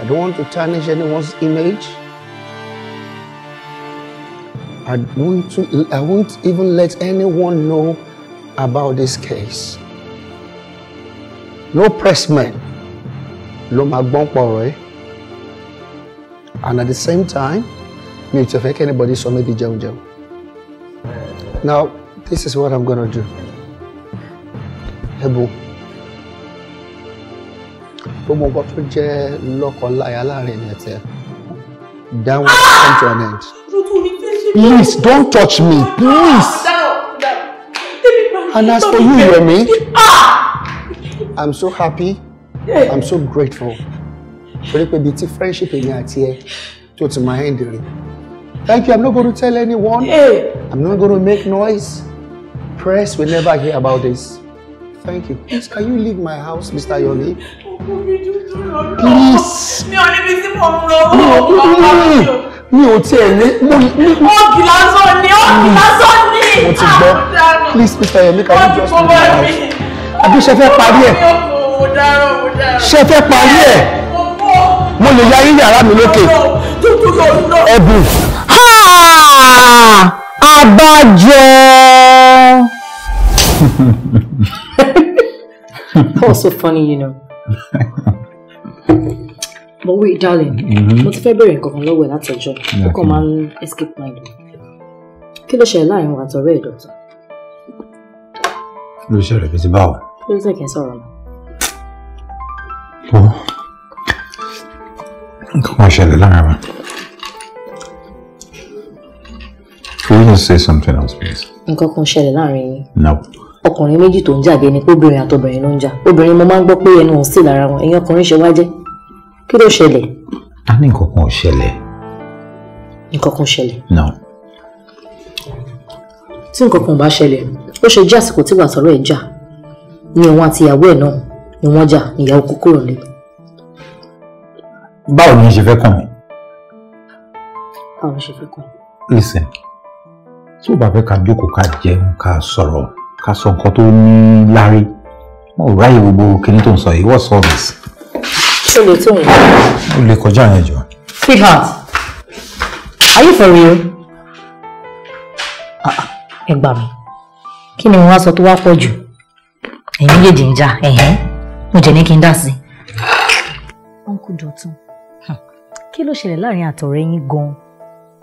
I don't want to tarnish anyone's image. I won't, I won't even let anyone know about this case. No pressmen no máa And at the same time, mi to tẹ̀ anybody So maybe di jẹun Now, this is what I'm gonna do. Ẹ̀bùn. Gbogbo nǹkan tó jẹ́ lọ́kọ̀ọ́láyà láàrin ẹ̀ tẹ̀. That one come to an end. Ah! Please don't touch me. Please. And as for you, Remy, I'm so happy. I'm so grateful. For the bíi friendship in àti ẹ tó my máa Thank you. I'm not going to tell anyone. I'm not going to make noise. Press will never hear about this. Thank you. Please, can you leave my house, Mr. Yomi? Please. Mi mi ò tiẹ̀ lé mo ní. ó kì lásán ni ó kì lásán ni. mo ti gbọ́ ah, please Mr. Yemi can you just move out. àbí ṣe fẹ́ parí ẹ̀ ṣe fẹ́ parí ẹ̀ mo lè yarí yàrá mi lókè ẹ̀bùn. àbájọ. Ah! That was so funny, you know. but wait darling mm-hmm. mo ti fẹ́ bẹ̀rẹ̀ nǹkan kan lọ́wọ́ ẹ̀ látọjọ́ ó kàn máa ń escape mind mi kí a ṣẹlẹ̀ láàrin wa already, doctor? You ló it, bí ti báwo. ló ń tẹ̀kẹ́ sọ̀rọ̀ náà. ó nǹkan kan ṣẹlẹ̀ láàrin wa. Can you say something else, please? Nǹkan kan ṣẹlẹ̀ láàrin yín. No. Ọkùnrin méjì tó ń jà bí ẹni pé obìnrin àtọbìnrin ló ń jà. Obìnrin mo máa ń gbọ́ pé ẹnu ò sí lára wọn, ẹ̀yin ọkùnrin ṣe wá jẹ́ kí ló ṣẹlẹ̀. a ní nǹkan kan ò ṣẹlẹ̀. nǹkan kan ṣẹlẹ̀. no. tí nǹkan kan ò bá ṣẹlẹ̀ ó ṣe jẹ́ àsìkò tí wàásọ̀rọ̀ ẹ̀ jà ni òun àti ìyàwó ẹ̀ náà ni wọ́n jà ìyàwó kúkúrò nílé. báwo ni ṣe fẹ́ kàn mí. báwo ni ṣe fẹ́ kàn mí. listen tí o bá fẹ́ ká jókòó ká jẹun ká sọ̀rọ̀ ká sọ nǹkan tó ní lárí wọn ráyè gbogbo kinní tó ń sọ yìí wọ́n sọ ọ́ bẹ̀sì ṣe lè tó yẹn. o lè kọjá yẹn jọ. sweetheart are you for real? Ah, ẹ gbà mí kí ni mo wá sọ tó wá pọ̀ jù ẹ̀yin méjèèjì ń jà ẹ̀hẹ́n mo jẹ̀ ní kí n dá sí. uncle Dọ̀tun kí ló ṣẹlẹ̀ láàrin àtọ̀rẹ́ yín gan-an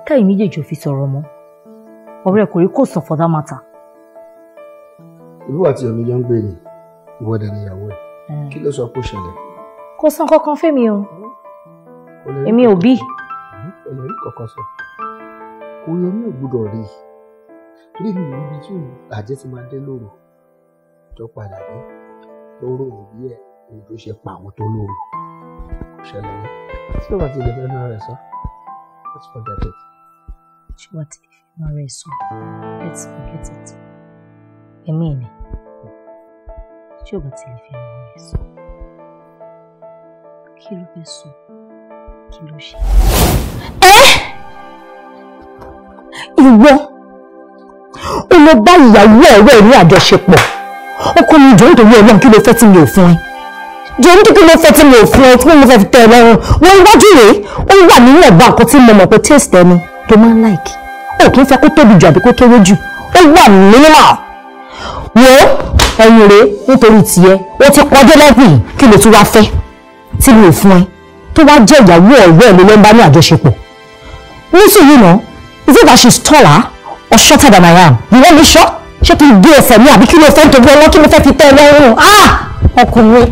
táyì méjèèjì ò fi sọ̀rọ̀ mọ́ ọ̀rẹ́ kò rí kò sàn for that matter. irú àti ọ̀rẹ́ jọ ń gbé ni ìwọ́dà níyàwó ẹ̀ kí ló sọ pé ó ṣẹlẹ̀ kò san kankan fẹ́mi o èmi ò bí. kò lè rí kankan sọ kò yẹ mi ò gbúdọ̀ rí i torí mi ò níbi tí àjẹ́ ti máa dé lóru tó padà dé lóró òbí ẹ̀ ohun tó ṣe pa àwọn tó lóru kò ṣẹlẹ̀ ní tí wọ́n ti lè fẹ́ náà rẹ̀ sọ let's forget it. tí wọ́n ti lè fẹ́ náà rẹ̀ sọ let's forget it èmi ni tí wọ́n ti lè fẹ́ náà rẹ̀ sọ kí ló fẹ́ sọ kí ló ṣe. ẹ ìwọ o lọ bá ìyàwó ọ̀rẹ́ ní àjọṣepọ̀ ọkọ mi jọ nítorí Ọlọ́run kí ló fẹ́ tí mi ò fún ẹ jọ nítorí kí ló fẹ́ tí mi ò fún ẹ tí mo fẹ́ fi tẹ ẹ lọ́rùn wọn iwájú rèé ó wà nínú ọba nǹkan tí mo mọ̀ pé taste ẹni tó máa ń like ó kì í fẹ́ kó tóbi jù àbí kó kéré jù ó wà minimal wo ẹ̀yìn rèé nítorí tiẹ̀ ó ti kọjá lẹ́gbìn kí ló tún wá fẹ́ tí mi ò fún ẹ tó wá jẹ́ ìyàwó ọ̀rẹ́ mi ló bá ní àjọṣepọ̀ nísìnyí náà is it that she's taller or shorter than I am you want me short ṣé kí n gé ẹsẹ̀ mi àbí kí ló fẹ́ tobi ọlọ́ kí ló fẹ́ fi tẹ́ ẹ lọ́rùn ah ọkùnrin.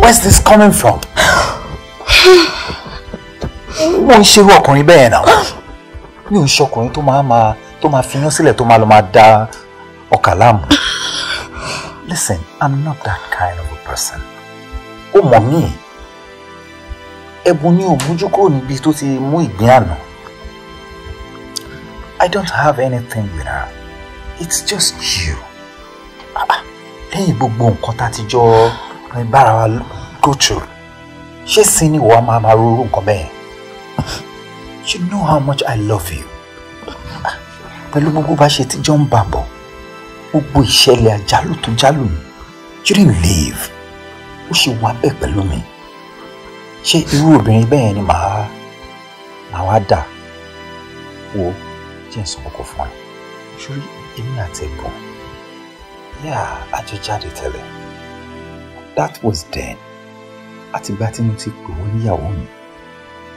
where's this coming from? wọ́n ń ṣerú ọkùnrin bẹ́ẹ̀ náà mi ò ń ṣọkùnrin tó máa fi yán sílẹ̀ tó máa lọ máa da ọkà láàmú. Listen, I'm not that kind of a person. Ó mọ̀ mí. Ẹ̀bùn ni ò mójú kúrò níbi tó ti mú ìgbín àná. I don't have anything with her. It's just you. Ah, lẹ́yìn gbogbo nǹkan tá a ti jọ bára wa go through, ṣé sin ni ìwọ máa máa rorú nǹkan bẹ́ẹ̀? You know how much I love you. Ah, pẹ̀lú gbogbo bá ṣe tíjọ́ ń bàbọ̀ gbogbo ìṣẹ̀lẹ̀ àjálù tó jálù mi during leave ó ṣe wà bẹ́ẹ̀ pẹ̀lú mi ṣé irú obìnrin bẹ́ẹ̀ ni màá màá wá dà wo jẹ́ ìsọ̀rọ̀ kò fún ẹ ṣórí èmi àti ẹ̀gbọ́n yà àjọjáde tẹ́lẹ̀ that was then àtìgbà tí mo ti pè wọ́n níyàwó mi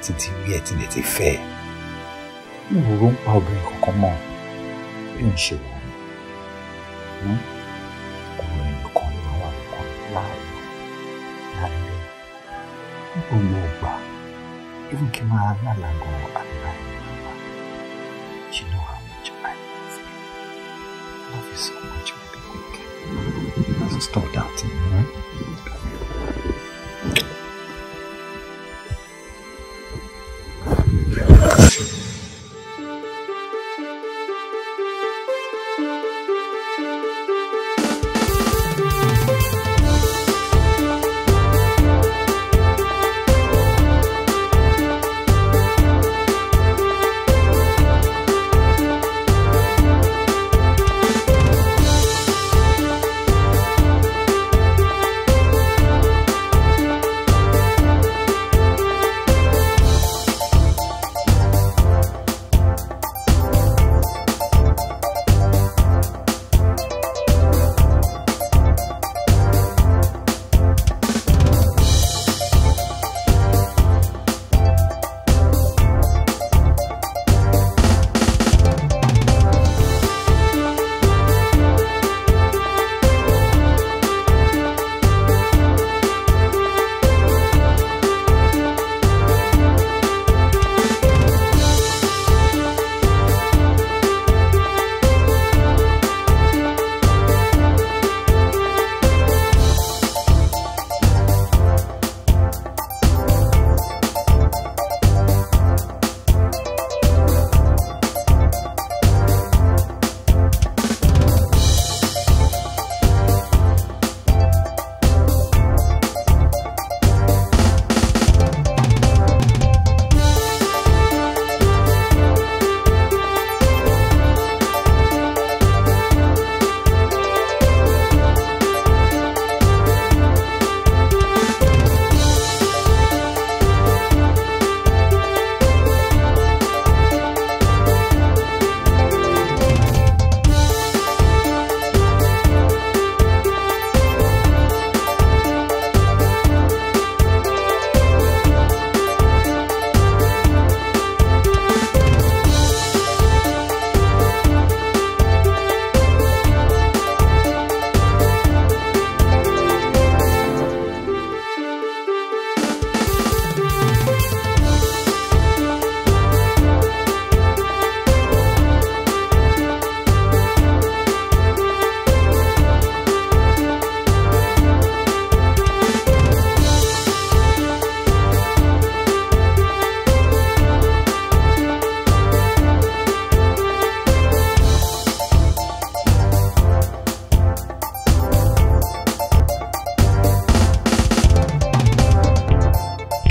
títí wí ẹ̀ tí lè ti fẹ́ ẹ̀ mi ò rò ń pa obìnrin kankan mọ́ bí mo ṣe wọ̀ ね公園の声はこんななんで umeba ivukimaana lango anayemba you know how much I love you love you so much baby quick you must stop that right? Thank you.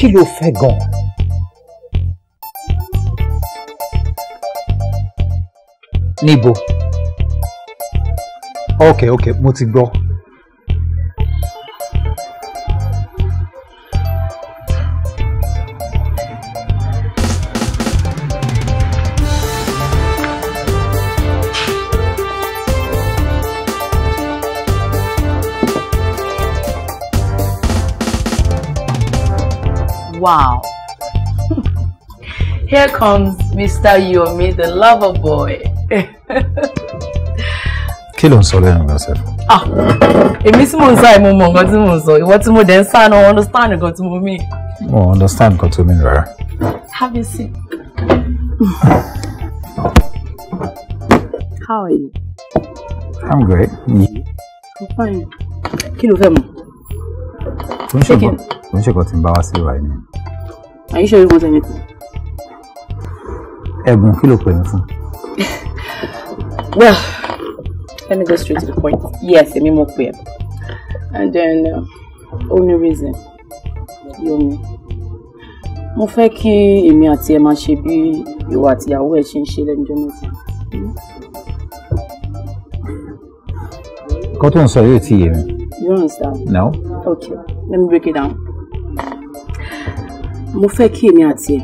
kí ló fẹ́ gan-an. ok ok mo ti here comes Mr. Yomi, the lover boy. kí ló ń sọ lẹ́nu gan sẹ́fọ̀. Ah, èmi tí mò ń sọ àìmọ̀ mọ̀ nǹkan tí mò ń sọ ìwọ tí mo dẹ̀ ń sá náà understand nǹkan tí mo mean. mo understand nǹkan tó mean rárá. Have you seen? How are you? I'm great. I'm fine. Kí ló fẹ́ mu? Kò ń ṣe kò tí ń bá wá sí ìwà yìí ni. Are you sure you want anything? ẹ̀bùn kí ló pè fún. well let me go straight to the point yes èmi mo pè ẹ́ and then uh, only reason yomi mo fẹ́ kí èmi àti ẹ máa ṣe bí ìwà àtìyàwó ẹ ṣe ń ṣe lẹ́njọ́ mẹ́ta. nǹkan tó ń sọ yóò ti yé mi. you understand? no. okay let me break it down. mo fẹ́ kí èmi àti ẹ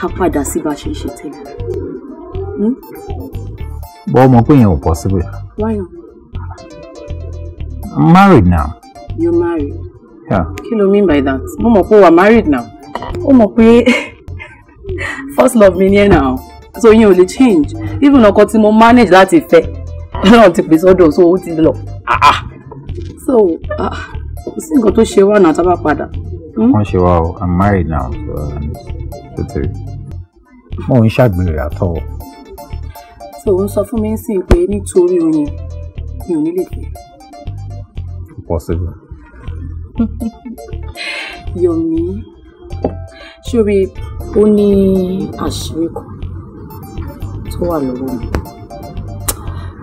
ká padà sí bá a ṣe ń ṣe tẹ́lẹ̀. Hmm? bọ́ ọmọ pé yẹn ò possible. why not. I'm married now. You're married. Yeah. Kí ló mean by that? Mo mọ̀ pé wà married now. Ó mọ̀ pé first love mi ni ẹ̀ náà. So yín ò lè change. Even ọkọ tí mo manage láti fẹ́ náà ti pè sọ́dọ̀ so ó ti lọ. Ah, ah. So ah, kò sí nǹkan tó ṣe wá náà tá a bá padà. Hmm? Wọ́n ṣe wá o, I'm married now. So, um, mò ń ṣàgbèrè àtọ. tí òun sọ fún mi sí pé nítorí oyin mi ò ní lè fẹ́. possible. yomi ṣóri ó ní àṣírí kan tó wà lọ́wọ́ mi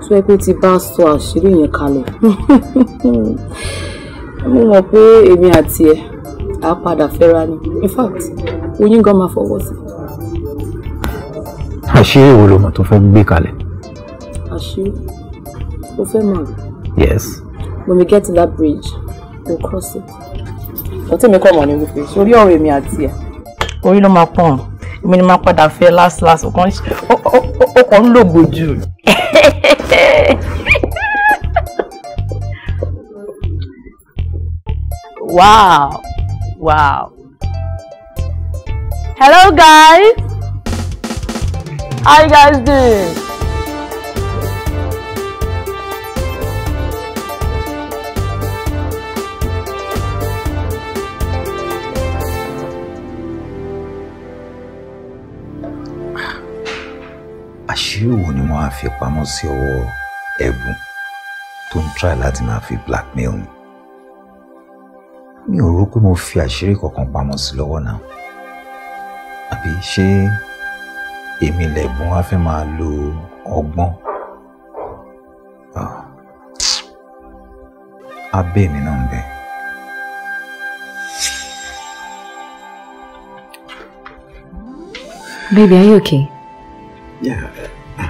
tó yẹ pé tí bá sọ àṣírí yẹn kalẹ̀ mo mọ̀ pé èmi àti ẹ̀ á padà fẹ́ra ni in fact oyin gan máa fọwọ́ sí i àṣírí wo lo mọ̀ tó fẹ́ gbé kalẹ̀. àṣírí o fẹ́ mọ̀ yes. when we get to that bridge we we'll cross it. ọtí mi kọ́ mọ̀ ní wípé sórí ọ̀rọ̀ èmi àti ẹ̀ orí ló máa pọ̀n èmi ni máa padà fẹ́ last last ọkàn ń lògbò jù. wow wow hello guys. How you guys doing? àṣírí wo ni wọ́n á fi pamọ́ sí ọwọ́ ẹ̀bùn tó ń try láti máa fi blackmail mi mi ò rò pé mo fi àṣírí kankan pamọ́ sí lọ́wọ́ náà àbí ṣé èmi lẹ̀bùn wá fẹ́ máa lo ọgbọ́n abẹ́ mi náà ń bẹ. Baby, are you okay? Yeah,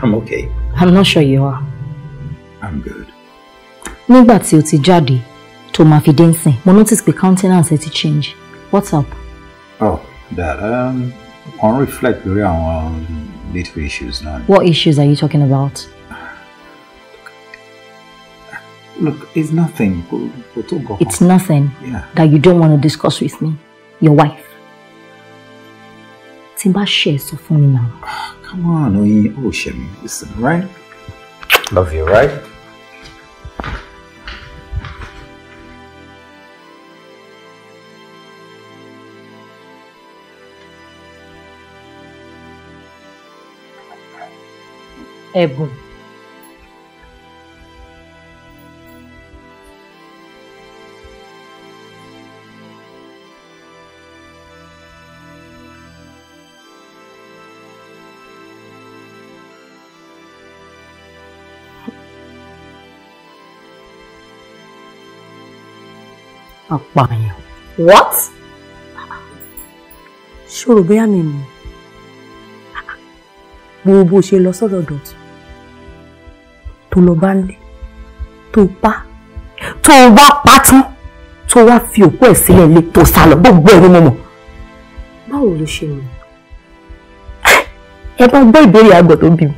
I'm okay. I'm not sure you are. I'm good. Nígbà tí o ti jáde tó máa fi dé nsìn, mo notice pé countenance ẹ ti change. What's up? Oh, that um. on reflect lórí on little issues now. What issues are you talking about? Look, it's nothing. It's nothing yeah. that you don't want to discuss with me, your wife. Timba shares bá ṣe sọ ah, Come on, we ó oh, listen, right? Love you, right? é bom. Apààyàn. What? Ṣòro bẹ́ẹ̀ mi mọ̀. gbogbo bó ṣe lọ sọ́dọ̀ dọ̀tún tó lọ bá nílé tó pa tó wá pa tán tó wá fi òkú ẹ̀ sílẹ̀ lé tó sá lọ gbogbo ẹ̀rí mọ̀mọ́ báwo ló ṣe rò ẹ bá gbọ́ ìbéèrè àgbọ̀ tó bí mi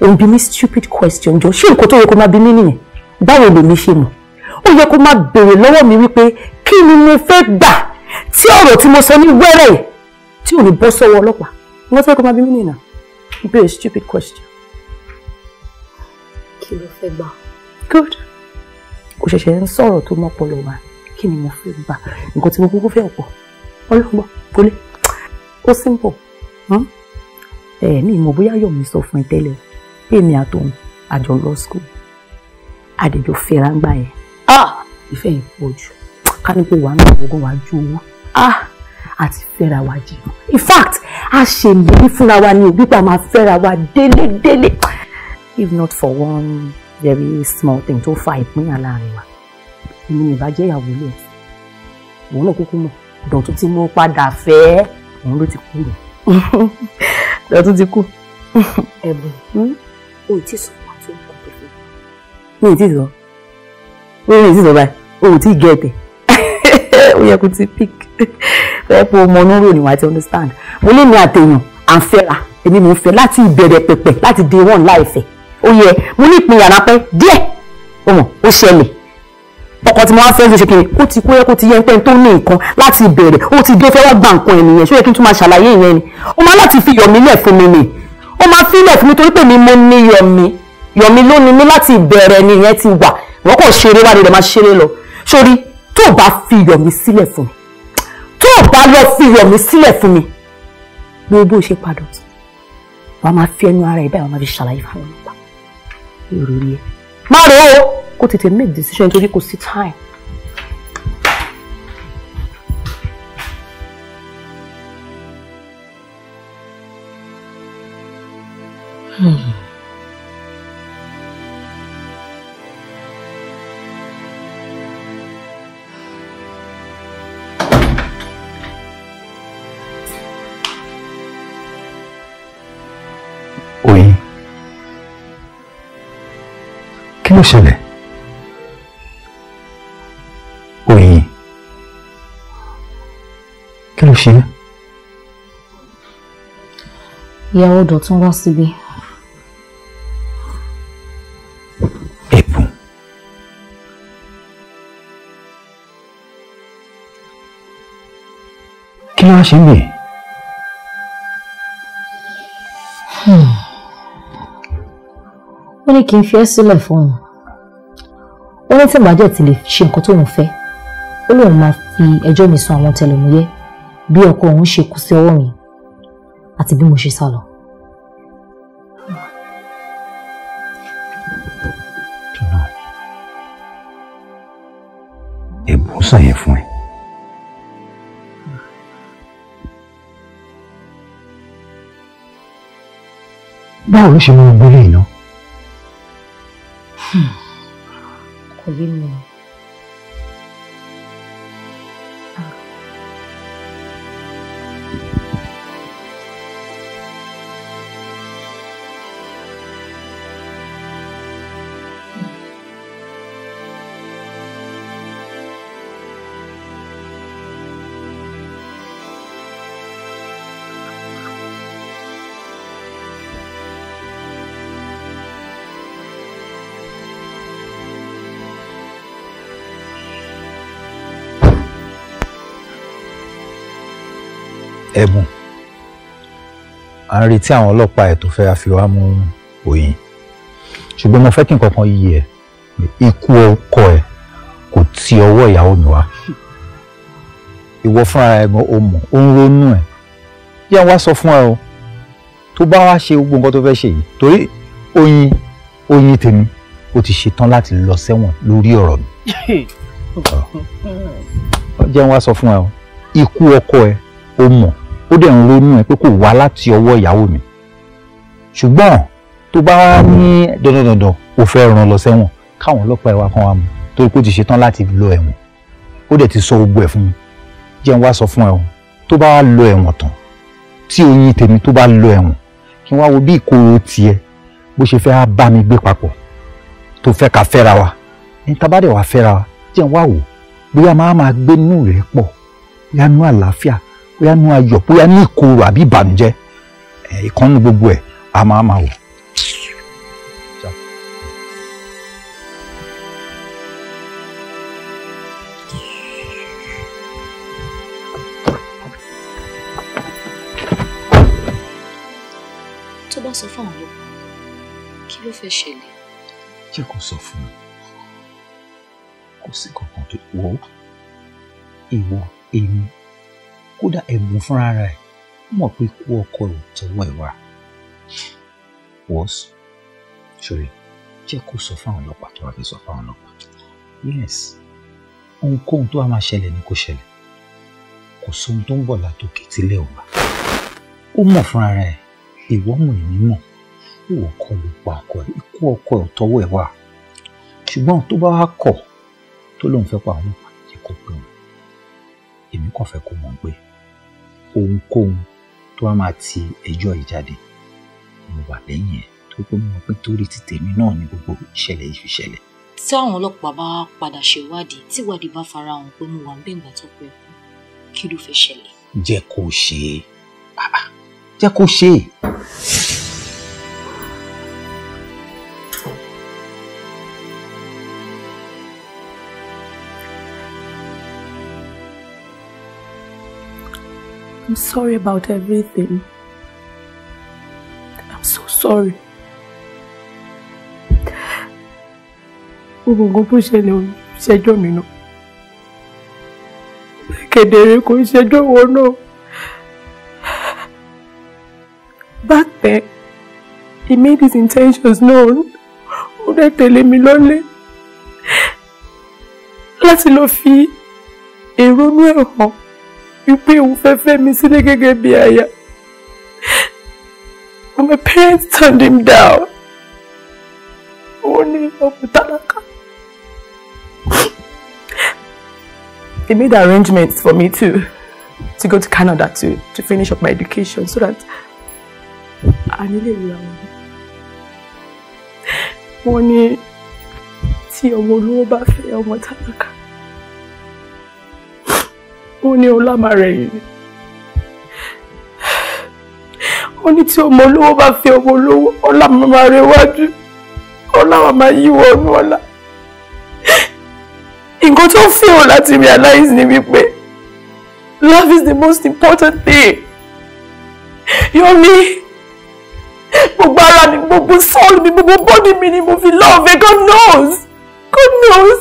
òun bí mi stupid question jọ ṣé nǹkan tó yẹ kó máa bí mi nìyẹn báwo lèmi ṣe mọ̀ ó yẹ kó máa béèrè lọ́wọ́ mi wípé kí ni mo fẹ́ gbà tí ọ̀rọ̀ tí mo sọ ní wẹ́rẹ̀ tí ò ní bọ́ sọ́wọ́ ọlọ́pàá wọ́n fẹ́ máa bí mí nìyẹn. Be a stupid question. Kí ló fẹ́ gbà? Good. Kò ṣẹ̀ṣẹ̀ ń sọ̀rọ̀ tó mọ́pọlọ wa. Kí ni mo fẹ́ gbà? Nǹkan tí mo kúkú fẹ́ ọ̀pọ̀. Ọlọ́gbọ́n kò lè. Ó simple. Hmm? Ẹ ní ìmọ̀ bóyá Yọ̀mí sọ fún ẹ tẹ́lẹ̀. Èmi àtòun àjọ lọ school. Àdèjọ fẹ́ra ń gbà yẹn. Ah! Ìfẹ́ yẹn pọ̀ jù. Ká ní pé wàá ń gbàgbọ́gán wàá ju owó. Ah! àti fẹ́ra wa jẹ in fact a ṣèlérí fúnra wa ní òbí pa máa fẹ́ra wa délédélé if not for one very small thing tó fa ìpínyà láàrin wa èmi nìbá jẹ́ ìyàwó ilé ẹ̀ òun náà kúkú mọ̀ dọ̀tún tí mo padà fẹ́ òun ló ti kú rẹ̀ dọ̀tún ti kú. ẹ̀bùn hmm? o ì tí sọ wá tó ń bọ̀ pẹ̀lú. mi ì tí sọ mi ì tí sọ báyìí o ò tí ì gẹ̀ẹ́tẹ̀ ó yẹ kó ti pík fẹ́ pé ọmọ onírò ni wàá ti understand mo lè ní àtẹ̀yàn à ń fẹ́ra èmi mò ń fẹ́ láti ìbẹ̀rẹ̀ pẹ̀pẹ̀ láti day one láìfẹ́ ó yẹ mo ní ìpínyà rápẹ́ díẹ̀ ọmọ ó ṣẹlẹ̀ ọkọ tí mo wá fẹ́ ṣe ṣe kìnnì ó ti kó yẹ kó ti yẹ pé tó ní nǹkan láti ìbẹ̀rẹ̀ ó ti dé fẹ́ wá gba nǹkan ènìyàn ṣó yẹ kí n tún máa ṣàlàyé ìyẹn ni ó máa láti fi yọ̀mí lẹ̀ fún mi nì ó máa fi lẹ̀ fún mi torí pé mi mo ní yọ̀mí yọ̀mí ló ní mi láti ìbẹ̀rẹ̀ ni ìyẹn ti wà wọ́n kò ṣeré wá ni rẹ̀ máa ṣeré lọ sórí tó bá fi yọ̀mí sílẹ̀ fún mi ò bá lọ fi yọ̀mí sílẹ̀ fún mi lórí bó ṣe padà wà á máa fi ẹnu ara ẹ̀ báyìí wà á máa fi ṣàlàyé fáwọn ọlọ́pàá èrò rí ẹ má rò ó kó tètè make decision nítorí kò sí time. Hmm. kí ló ṣẹlẹ̀ oyin kí ló ṣe é. ìyàwó dọ̀tún wá síbi. ẹ̀bùn kí ló wá ṣe ń bèè. ó ní kí n fi ẹ́ sílẹ̀ fún òun ó ní tí ìbàdí ẹ̀ ti lè ṣe nǹkan tóun fẹ́ ó lóun máa fi ẹjọ́ mi sun àwọn tẹlẹmúyẹ́ bí ọkọ òun ṣe kú sí ọwọ́ mi àti bí mo ṣe sá lọ. èbó sàyẹn fún ẹ. báwo ló ṣe máa gbélé iná. こぎも ẹ̀bùn à ń retí àwọn ọlọ́pàá ẹ̀ tó fẹ́ a fi wá mú òyìn ṣùgbọ́n mo fẹ́ kí nǹkan kan yí ẹ ikú ọkọ ẹ kò ti ọwọ́ ìyàwó mi wá ìwọ fúnra ẹ o mọ̀ ó ń ronú ẹ yẹ wá sọ fún ẹ o tó bá wá ṣe gbogbo nǹkan tó fẹ́ ṣe yìí torí oyin oyin tèmi o ti ṣetán láti lọ sẹ́wọ̀n lórí ọ̀rọ̀ mi jẹ́ wá sọ fún ẹ o ikú ọkọ ẹ o mọ̀ ó dẹ̀ ń ronú ẹ̀ pé kò wá láti ọwọ́ ìyàwó mi ṣùgbọ́n tó bá wá ní dandandandan ò fẹ́ ràn lọ sẹ́wọ̀n káwọn ọlọ́pàá ẹ̀wà kan wá mu torí pé ó ti ṣetán láti lọ ẹ̀wọ̀n ó dẹ̀ ti sọ gbogbo ẹ̀ fún mi jẹ́ n wá sọ fún ẹ o tó bá wá lọ ẹ̀wọ̀n tán tí oyin tèmi tó bá lọ ẹ̀wọ̀n kí n wá wo bí ìkorò tiẹ̀ bó ṣe fẹ́ á bá mi gbé papọ̀ tó fẹ́ ká fẹ́ra wa ní tá bá dẹ̀ wá fẹ́ra wa jẹ́ n wá wò bóyá máa máa gbénú rẹ̀ pọ̀ yánú àlàáfíà bóyá nú ayọ̀ bóyá ní ìkorò àbí ìbànújẹ́ ìkànnì gbogbo ẹ̀ a máa máa wò. tó bá sọ fún àwọn olókùn kí ló fẹ́ ṣẹlẹ̀. jẹ́ kó sọ fún mi kò sí kankan tó wọ́ ìwọ èmi kódà ẹ̀bùn fúnra rẹ̀ mọ̀ pé kú ọkọ ò tọwọ́ ẹ̀ wá. wọ́s ṣòrí jẹ́ kó sọ fáwọn ọlọ́pàá tó wà fi sọ fáwọn ọlọ́pàá. yes ohunkóhun tó wà máa ṣẹlẹ̀ ni kò ṣẹlẹ̀ kò sóhun tó ń bọ̀ látòkè tílẹ̀ ò bá. ó mọ̀ fúnra rẹ̀ ìwọ mọ̀ èmi mọ̀ ìwọ kọ́ ló pa ọkọ ẹ̀ ikú ọkọ ẹ̀ ò tọwọ́ ẹ̀ wá. ṣùgbọ́n tó bá wá kọ̀ tó lóun fẹ́ pa àwọn ọlọ́pàá jẹ́ kó pé wọn èmi kàn fẹ́ kó mọ̀ pé ohunkóhun tó wá máa ti ẹjọ́ yìí jáde mo wà lẹ́yìn ẹ̀ tó kó mọ̀ pé torí ti tèmi náà ni gbogbo ìṣẹ̀lẹ̀ yìí fi ṣẹlẹ̀. tí àwọn ọlọ́pàá bá padà ṣèwádìí tíwádìí bá fara hàn pé mo wà ń bẹ̀ ìgbà tó pẹ́ kí ló fẹ́ ṣẹlẹ̀. jẹ́ kó ṣe é jẹ́ kó ṣe é. I'm sorry about everything. I'm so sorry. Gbogbo nǹkan tó ṣẹlẹ̀ ò ṣẹjọ́ mi no. Kedere kò ṣẹjọ́ wo Back then, he made his intentions known. Ó dẹ̀ tẹ̀lé mi lọ́lé. Let's fi èrò inú ẹ̀ home. wípé òun fẹ́ fẹ́ mi sílé gẹ́gẹ́ bí aya but my parents turned him down òun ní ọkùnrin tálákà they made arrangements for me to to go to Canada to to finish up my education so that I nílé ìlú àwọn wọn ní tí ọmọ olówó bá fẹ́ ọmọ tálákà ó ní ọlámàrẹ̀yìn ó ní tí ọmọ olówó bá fi ọmọ olówó ọlá máa rẹ wájú ọlá wà máa yí wọnú ọlá nǹkan tó fẹ́ràn láti realize ni wípé love is the most important thing Yomi gbogbo ara mi gbogbo soul mi gbogbo body mi ni mo fi love ẹ God knows God knows.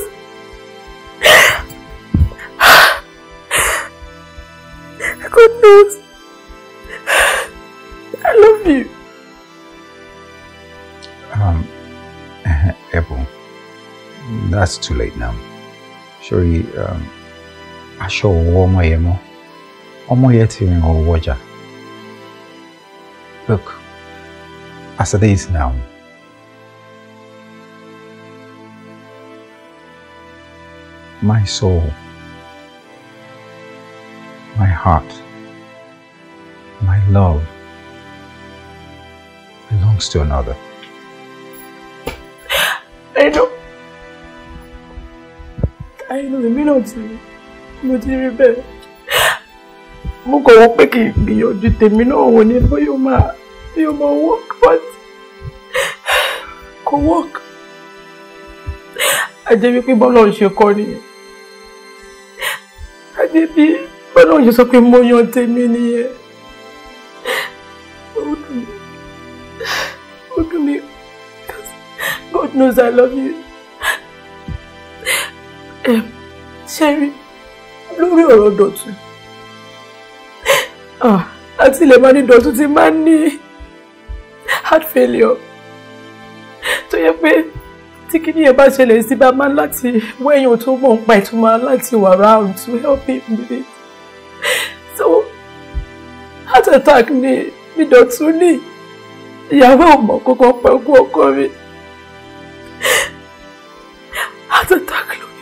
God knows. I love you. Um, Apple, that's too late now. Sorry, um, aṣọ ọwọ́ my emo. I'm yẹn ti rìn ọwọ́ ọjà. Look, as it is now, my soul my heart, my love belongs to another. I know. I know, èmi náà ti mo ti rí bẹ́ẹ̀. Mo kàn wọ́n pé kì í gbìyànjú tèmi náà wò ní bó yóò máa yóò máa work but kò work. Àjẹ́ wípé bọ́lá ò ṣe kọ́ nìyẹn. Àjẹ́ bíi bọ́lá òye sọ pé mo yan tèmi nìyẹn ó dùn mí ó dùn mí God knows I love you ṣẹ́rí lórí ọ̀rọ̀ dọ̀tun ah, àti ilẹ̀ máa ní dọ̀tun ti máa ń ní heart failure tó yẹ pé tí kíní yẹn bá ṣẹlẹ̀ sí bá máa láti wẹ́yìn tó mọ̀ ń pa ìtumọ̀ láti wà round to help him with it. so heart attack ni mi dọ̀tún ní ìyàwó ọmọ kókó pẹ́ kú ọkọ mi heart attack ló ní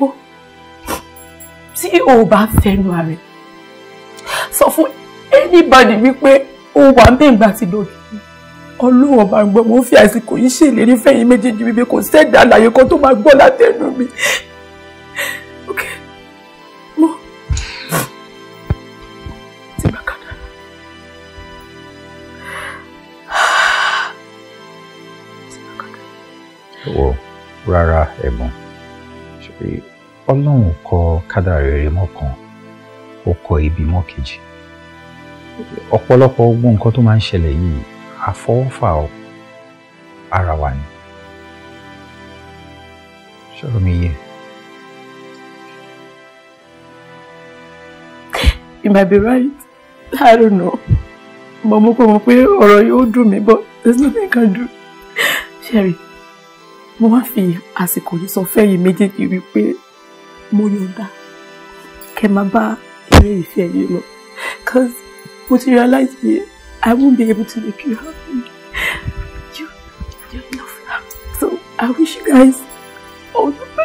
o tí o bá fẹnu rẹ sọ fún anybody wípé o wà mẹ́ngbà ti lòdì ọlọ́run ọba gbọ́ mo fi àsìkò yìí ṣèlérí fẹ̀yìn méjèèjì wípé kò sẹ́dá àlàyé kan tó máa gbọ́ látẹnu mi ọlọ́run kọ kádàrá rere mọ́ ó kọ ibi mọ́ ọ̀pọ̀lọpọ̀ gbogbo nǹkan tó máa ń ṣẹlẹ̀ yìí àfọwọ́fà ara wa ni sọ̀rọ̀ mi yé. You might be right. I don't know. Mo mú kó mọ̀ pé ọ̀rọ̀ yóò dùn mí but there's nothing I can do. Sherry, mo wá fi àsìkò yìí sọ fẹ́ yìí méjèèjì wípé mo yọ̀ǹda kẹ́ máa bá eré ìfẹ́ you, cause what you realize me? I won't be able to make you happy you you love her so I wish you guys all the